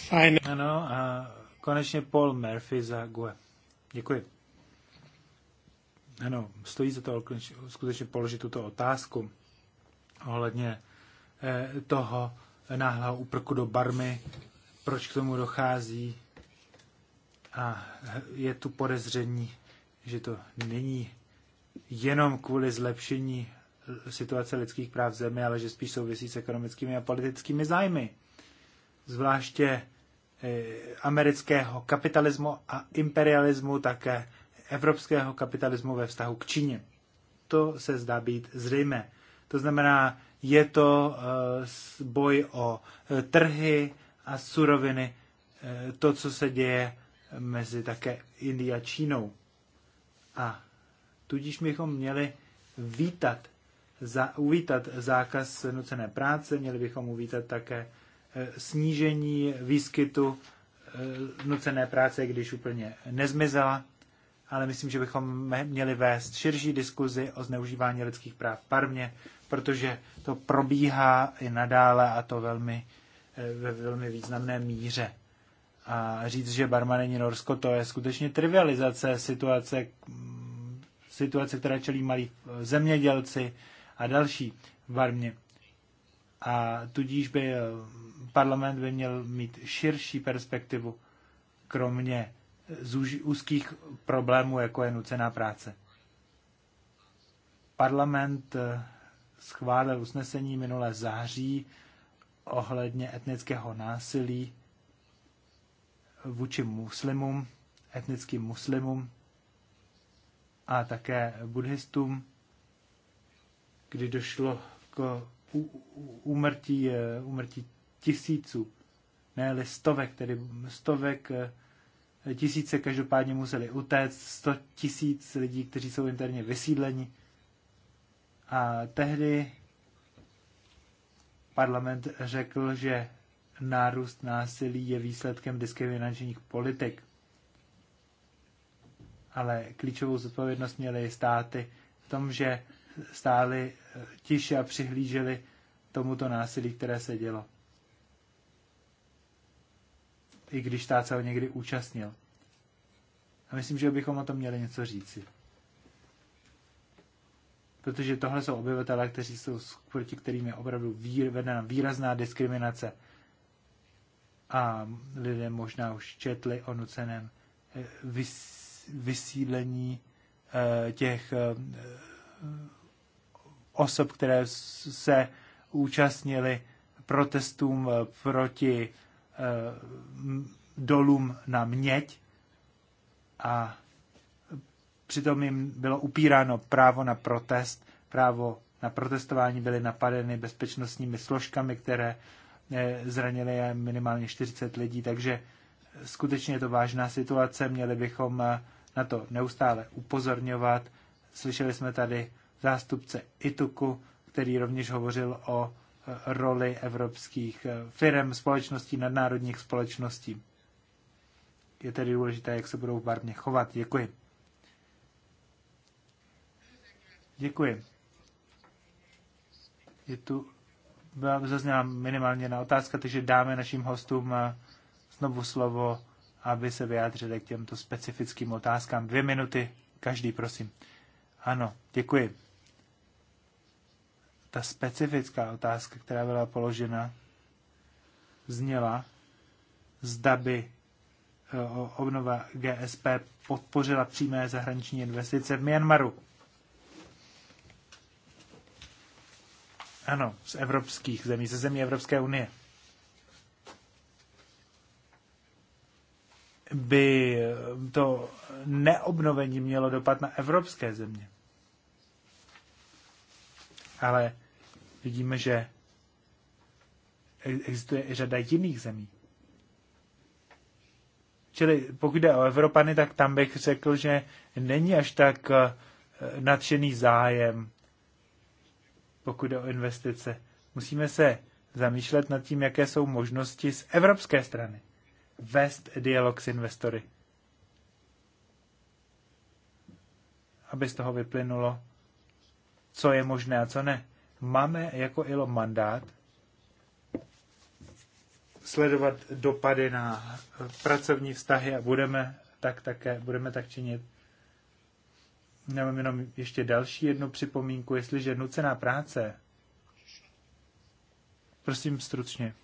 Fajn. Ano a konečně Paul Murphy za GUE. Děkuji. Ano, stojí za to skutečně položit tuto otázku ohledně eh, toho náhleho úprku do barmy, proč k tomu dochází. A je tu podezření, že to není jenom kvůli zlepšení situace lidských práv v zemi, ale že spíš souvisí s ekonomickými a politickými zájmy. Zvláště eh, amerického kapitalismu a imperialismu, také evropského kapitalismu ve vztahu k Číně. To se zdá být zřejmé. To znamená, je to eh, boj o eh, trhy a suroviny, eh, to, co se děje mezi také Indií a Čínou. A tudíž bychom měli vítat, za, uvítat zákaz nucené práce, měli bychom uvítat také snížení výskytu nucené práce, když úplně nezmizela ale myslím, že bychom měli vést širší diskuzi o zneužívání lidských práv v parmě, protože to probíhá i nadále a to velmi, eh, ve velmi významné míře. A říct, že Barma není Norsko, to je skutečně trivializace situace, mm, situace, která čelí malí eh, zemědělci a další v Barmě. A tudíž by eh, parlament by měl mít širší perspektivu, kromě z úzkých problémů, jako je nucená práce. Parlament eh, schválil usnesení minulé září ohledně etnického násilí vůči muslimům, etnickým muslimům a také buddhistům, kdy došlo k úmrtí, eh, úmrtí tisíců, ne stovek, tedy stovek eh, tisíce každopádně museli utéct, 100 tisíc lidí, kteří jsou interně vysídleni. A tehdy parlament řekl, že nárůst násilí je výsledkem diskriminačních politik. Ale klíčovou zodpovědnost měly státy v tom, že stáli tiše a přihlíželi tomuto násilí, které se dělo i když stát se ho někdy účastnil. A myslím, že bychom o tom měli něco říci. Protože tohle jsou obyvatelé, kteří jsou, proti kterým je opravdu vedena výrazná diskriminace. A lidé možná už četli o nuceném eh, vysídlení eh, těch eh, osob, které se účastnili protestům proti Eh, dolům na měď a přitom jim bylo upíráno právo na protest, právo na protestování byly napadeny bezpečnostními složkami, které eh, zranily minimálně 40 lidí, takže skutečně je to vážná situace, měli bychom eh, na to neustále upozorňovat. Slyšeli jsme tady zástupce Ituku, který rovněž hovořil o roli evropských eh, firm, společností, nadnárodních společností. Je tedy důležité, jak se budou barvně chovat. Děkuji. Děkuji. Je tu, zazněla minimálně na otázka, takže dáme našim hostům eh, znovu slovo, aby se vyjádřili k těmto specifickým otázkám. Dvě minuty, každý, prosím. Ano, děkuji ta specifická otázka, která byla položena, zněla, zda by eh, obnova GSP podpořila přímé zahraniční investice v Myanmaru. Ano, z evropských zemí, ze zemí Evropské unie. By to neobnovení mělo dopad na evropské země ale vidíme, že existuje i řada jiných zemí. Čili pokud jde o Evropany, tak tam bych řekl, že není až tak eh, nadšený zájem, pokud jde o investice. Musíme se zamýšlet nad tím, jaké jsou možnosti z evropské strany vést dialog s investory. Aby z toho vyplynulo, co je možné a co ne. Máme jako ILO mandát sledovat dopady na pracovní vztahy a budeme tak také, budeme tak činit. Já mám jenom ještě další jednu připomínku, jestliže nucená práce. Prosím stručně.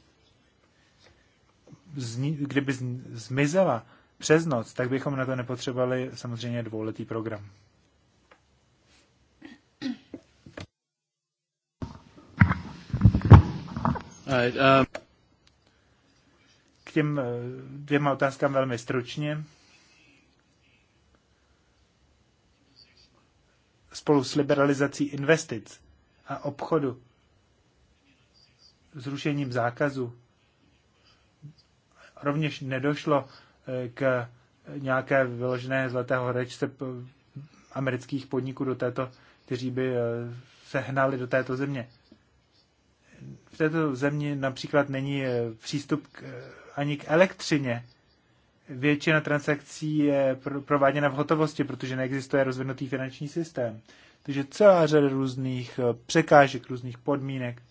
Zni, kdyby zmizela přes noc, tak bychom na to nepotřebovali samozřejmě dvouletý program. Um, k těm eh, dvěma otázkám velmi stručně. Spolu s liberalizací investic a obchodu, zrušením zákazu, rovněž nedošlo eh, k eh, nějaké vyložené zlaté horečce amerických podniků do této, kteří by se hnali do této země. V této zemi například není eh, přístup k, eh, ani k elektřině. Většina transakcí je prováděna v hotovosti, protože neexistuje rozvinutý finanční systém. Takže celá řada různých eh, překážek, různých podmínek,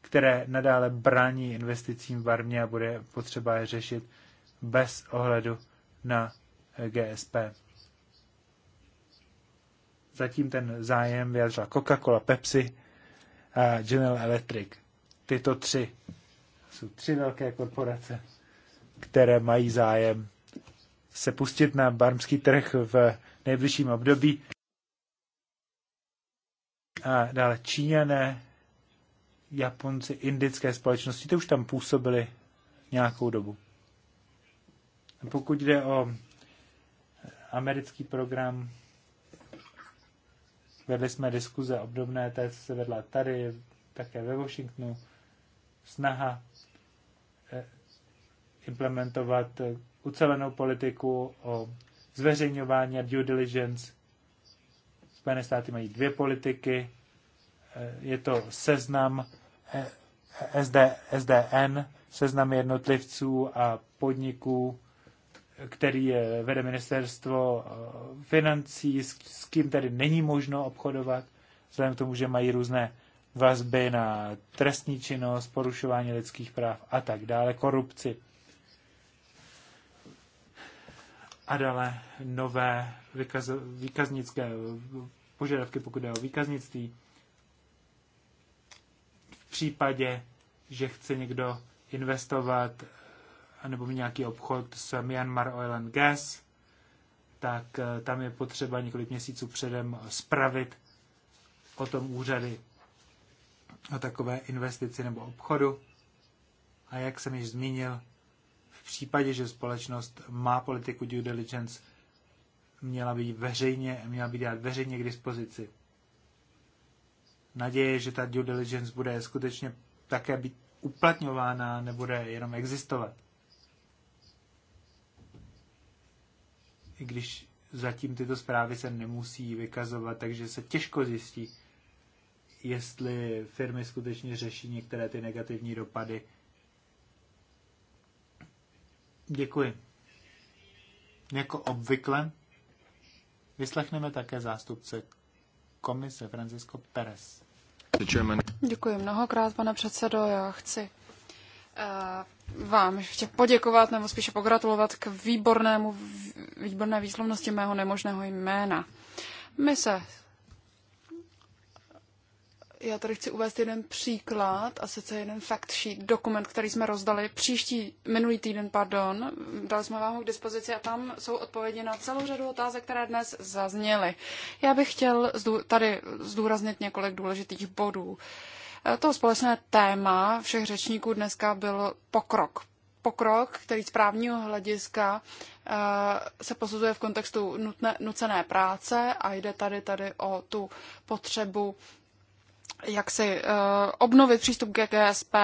které nadále brání investicím v armě a bude potřeba je řešit bez ohledu na GSP. Zatím ten zájem vyjádřila Coca-Cola, Pepsi a General Electric tyto tři jsou tři velké korporace, které mají zájem se pustit na barmský trh v nejbližším období. A dále Číňané, Japonci, indické společnosti, ty už tam působili nějakou dobu. A pokud jde o americký program, vedli jsme diskuze obdobné té, se vedla tady, také ve Washingtonu, snaha eh, implementovat eh, ucelenou politiku o zveřejňování a due diligence. Spojené státy mají dvě politiky. Eh, je to seznam SD, SDN, seznam jednotlivců a podniků, který vede ministerstvo financí, s kým tedy není možno obchodovat, vzhledem k tomu, že mají různé vazby na trestní činnost, porušování lidských práv a tak dále, korupci. A dále nové vykaz, výkaznické požadavky, pokud je o výkaznictví. V případě, že chce někdo investovat eh, nebo mít nějaký obchod s Myanmar Oil and Gas, tak eh, tam je potřeba několik měsíců předem spravit o tom úřady o takové investici nebo obchodu. A jak jsem již zmínil, v případě, že společnost má politiku due diligence, měla být veřejně, měla být dát veřejně k dispozici. Naděje, že ta due diligence bude skutečně také být uplatňována, nebude jenom existovat. I když zatím tyto zprávy se nemusí vykazovat, takže se těžko zjistí, jestli firmy skutečně řeší některé ty negativní dopady. Děkuji. Jako obvykle vyslechneme také zástupce komise Francisco Perez. Děkuji mnohokrát, pane předsedo. Já chci eh, vám ještě poděkovat, nebo spíše pogratulovat k výbornému, výborné výslovnosti mého nemožného jména. My se já tady chci uvést jeden příklad, a sice jeden fact sheet, dokument, který jsme rozdali příští, minulý týden, pardon, dali jsme vám ho k dispozici a tam jsou odpovědi na celou řadu otázek, které dnes zazněly. Já bych chtěl tady zdůraznit několik důležitých bodů. E, to společné téma všech řečníků dneska byl pokrok. Pokrok, který z právního hlediska e, se posuzuje v kontextu nutné, nucené práce a jde tady tady o tu potřebu jak si eh, obnovit přístup k GSP,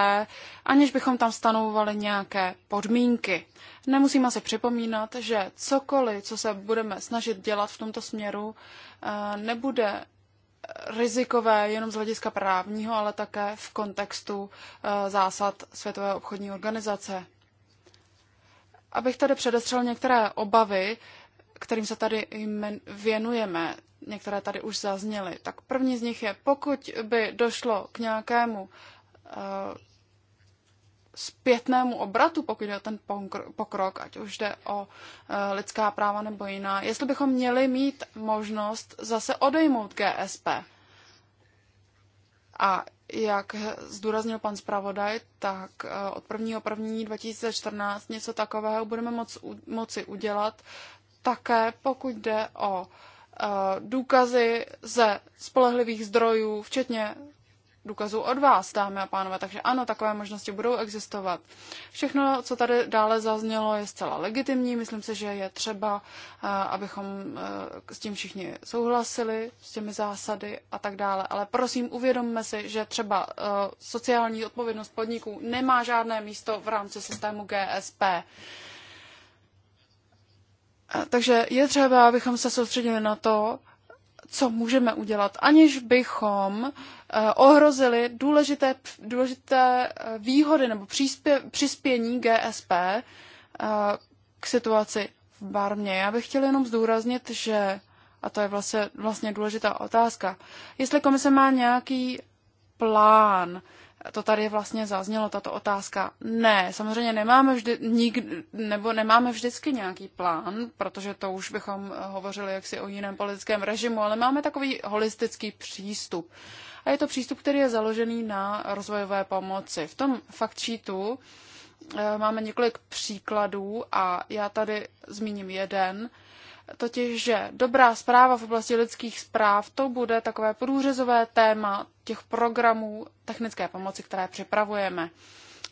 aniž bychom tam stanovovali nějaké podmínky. Nemusíme se připomínat, že cokoliv, co se budeme snažit dělat v tomto směru, eh, nebude rizikové jenom z hlediska právního, ale také v kontextu eh, zásad Světové obchodní organizace. Abych tady předestřel některé obavy, kterým se tady věnujeme, některé tady už zazněly. Tak první z nich je, pokud by došlo k nějakému uh, zpětnému obratu, pokud jde o ten pokrok, ať už jde o uh, lidská práva nebo jiná, jestli bychom měli mít možnost zase odejmout GSP. A jak zdůraznil pan zpravodaj, tak e, od 1.1.2014 něco takového budeme moc, moci udělat také pokud jde o uh, Eh, důkazy ze spolehlivých zdrojů, včetně důkazů od vás, dámy a pánové. Takže ano, takové možnosti budou existovat. Všechno, co tady dále zaznělo, je zcela legitimní. Myslím si, že je třeba, eh, abychom eh, s tím všichni souhlasili, s těmi zásady a tak dále. Ale prosím, uvědomme si, že třeba sociální odpovědnost podniků nemá žádné místo v rámci systému GSP. Takže je třeba, abychom se soustředili na to, co můžeme udělat, aniž bychom eh, ohrozili důležité, důležité eh, výhody nebo příspě, přispění GSP eh, k situaci v Barmě. Já bych chtěl jenom zdůraznit, že, a to je vlastně, vlastně důležitá otázka, jestli komise má nějaký plán, to tady vlastně zaznělo, tato otázka. Ne, samozřejmě nemáme vždy, nik, nebo nemáme vždycky nějaký plán, protože to už bychom hovořili jaksi o jiném politickém režimu, ale máme takový holistický přístup. A je to přístup, který je založený na rozvojové pomoci. V tom fakt sheetu eh, máme několik příkladů a já tady zmíním jeden – totiž, že dobrá zpráva v oblasti lidských zpráv, to bude takové průřezové téma těch programů technické pomoci, které připravujeme.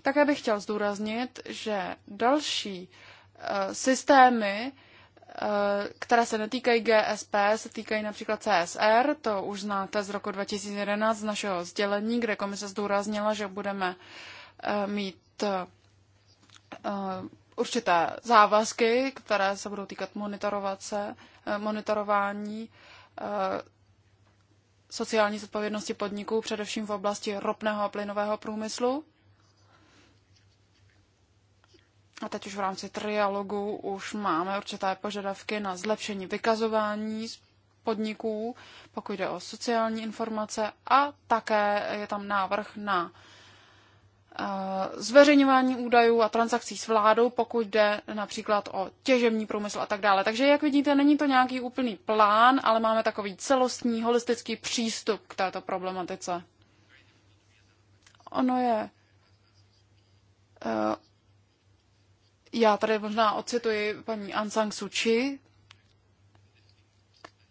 Také bych chtěl zdůraznit, že další e, systémy, e, které se netýkají GSP, se týkají například CSR, to už znáte z roku 2011 z našeho sdělení, kde komise zdůraznila, že budeme e, mít určité závazky, které se budou týkat monitorovace, eh, monitorování eh, sociální zodpovědnosti podniků, především v oblasti ropného a plynového průmyslu. A teď už v rámci trialogu už máme určité požadavky na zlepšení vykazování podniků, pokud jde o sociální informace a také je tam návrh na zveřejňování údajů a transakcí s vládou, pokud jde například o těžební průmysl a tak dále. Takže jak vidíte, není to nějaký úplný plán, ale máme takový celostní, holistický přístup k této problematice. Ono je. Eh, já tady možná ocituji paní Ansang Suči,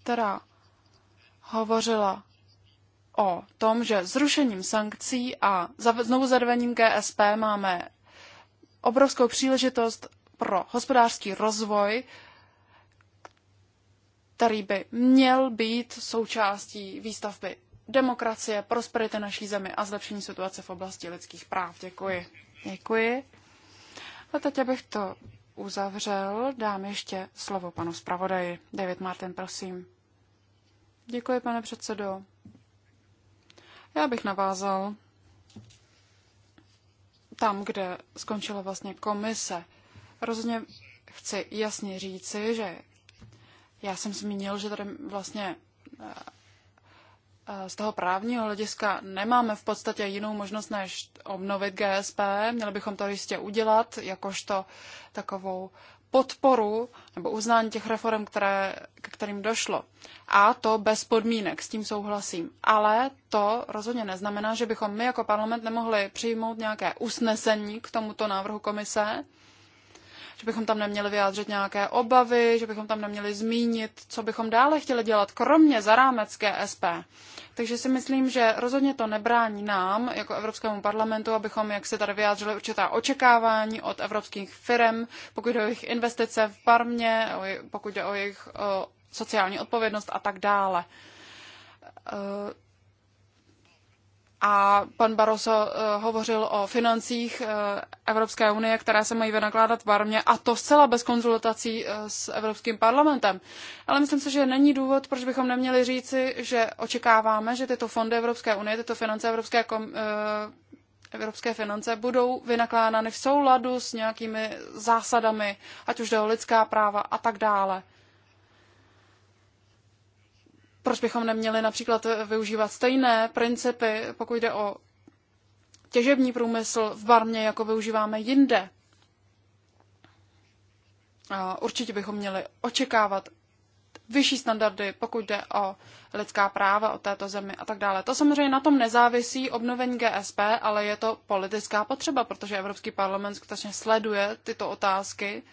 která hovořila o tom, že zrušením sankcí a znovu zavedením GSP máme obrovskou příležitost pro hospodářský rozvoj, který by měl být součástí výstavby demokracie, prosperity naší zemi a zlepšení situace v oblasti lidských práv. Děkuji. Děkuji. A teď, abych to uzavřel, dám ještě slovo panu zpravodaji. David Martin, prosím. Děkuji, pane předsedo. Já bych navázal tam, kde skončila vlastně komise. Rozhodně chci jasně říci, že já jsem zmínil, že tady vlastně eh, z toho právního hlediska nemáme v podstatě jinou možnost, než obnovit GSP. Měli bychom to jistě udělat, jakožto takovou podporu nebo uznání těch reform, které, k kterým došlo. A to bez podmínek, s tím souhlasím. Ale to rozhodně neznamená, že bychom my jako parlament nemohli přijmout nějaké usnesení k tomuto návrhu komise, že bychom tam neměli vyjádřit nějaké obavy, že bychom tam neměli zmínit, co bychom dále chtěli dělat, kromě zarámecké SP. Takže si myslím, že rozhodně to nebrání nám, jako Evropskému parlamentu, abychom, jak se tady vyjádřili, určitá očekávání od evropských firm, pokud jde o jejich investice v Parmě, pokud jde o jejich sociální odpovědnost a tak dále a pan Barroso eh, hovořil o financích eh, Evropské unie, které se mají vynakládat varmě a to zcela bez konzultací eh, s Evropským parlamentem. Ale myslím si, že není důvod, proč bychom neměli říci, že očekáváme, že tyto fondy Evropské unie, tyto finance Evropské kom, evropské finance budou vynakládány v souladu s nějakými zásadami, ať už jde o lidská práva a tak dále. Proč bychom neměli například využívat stejné principy, pokud jde o těžební průmysl v Barmě, jako využíváme jinde? Určitě bychom měli očekávat vyšší standardy, pokud jde o lidská práva o této zemi a tak dále. To samozřejmě na tom nezávisí obnovení GSP, ale je to politická potřeba, protože Evropský parlament skutečně sleduje tyto otázky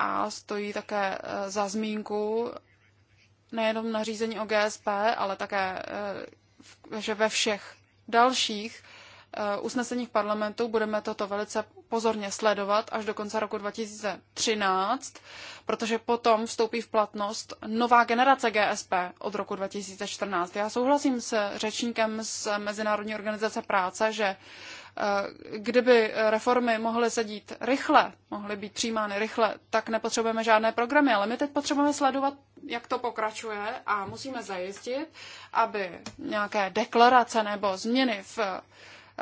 a stojí také e, za zmínku nejenom nařízení o GSP, ale také, e, že ve všech dalších e, usneseních parlamentu budeme toto velice pozorně sledovat až do konce roku 2013, protože potom vstoupí v platnost nová generace GSP od roku 2014. Já souhlasím s řečníkem z Mezinárodní organizace práce, že Eh, kdyby eh, reformy mohly sedít rychle, mohly být přijímány rychle, tak nepotřebujeme žádné programy, ale my teď potřebujeme sledovat, jak to pokračuje a musíme zajistit, aby nějaké deklarace nebo změny v eh,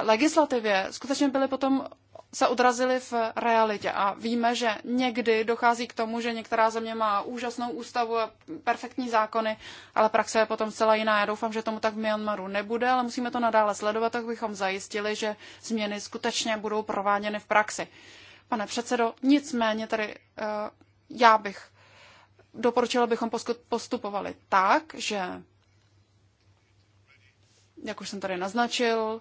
legislativě skutečně byly potom se odrazily v realitě. A víme, že někdy dochází k tomu, že některá země má úžasnou ústavu a perfektní zákony, ale praxe je potom celá jiná. Já doufám, že tomu tak v Myanmaru nebude, ale musíme to nadále sledovat, tak bychom zajistili, že změny skutečně budou prováděny v praxi. Pane předsedo, nicméně tady eh, já bych doporučila, bychom postupovali tak, že, jak už jsem tady naznačil,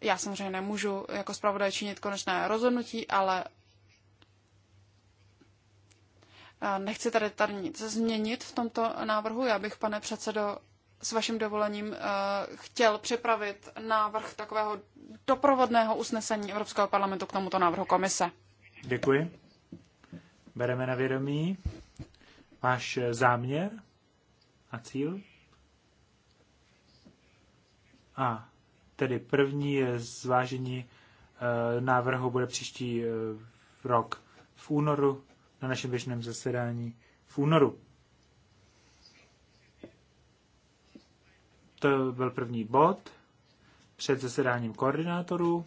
já samozřejmě nemůžu jako zpravodaj činit konečné rozhodnutí, ale eh, nechci tady, tady nic změnit v tomto návrhu. Já bych, pane předsedo, s vaším dovolením eh, chtěl připravit návrh takového doprovodného usnesení Evropského parlamentu k tomuto návrhu komise. Děkuji. Bereme na vědomí váš záměr a cíl. A Tedy první zvážení eh, návrhu bude příští eh, rok v únoru na našem běžném zasedání v únoru. To byl první bod před zasedáním koordinátorů.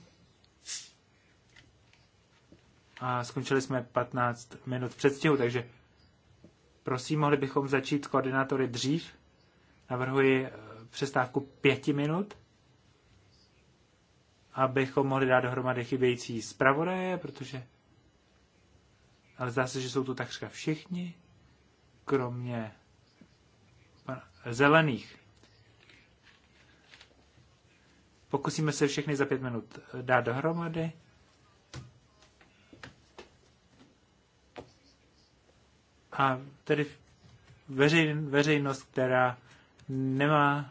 A skončili jsme 15 minut předstihu, takže prosím, mohli bychom začít koordinátory dřív. Navrhuji eh, přestávku 5 minut abychom mohli dát dohromady chybějící zpravodaje, protože... Ale zdá se, že jsou tu takřka všichni, kromě zelených. Pokusíme se všechny za pět minut dát dohromady. A tedy veřej, veřejnost, která nemá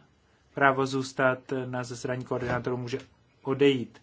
právo zůstat na zasedání koordinátorů, může odejít.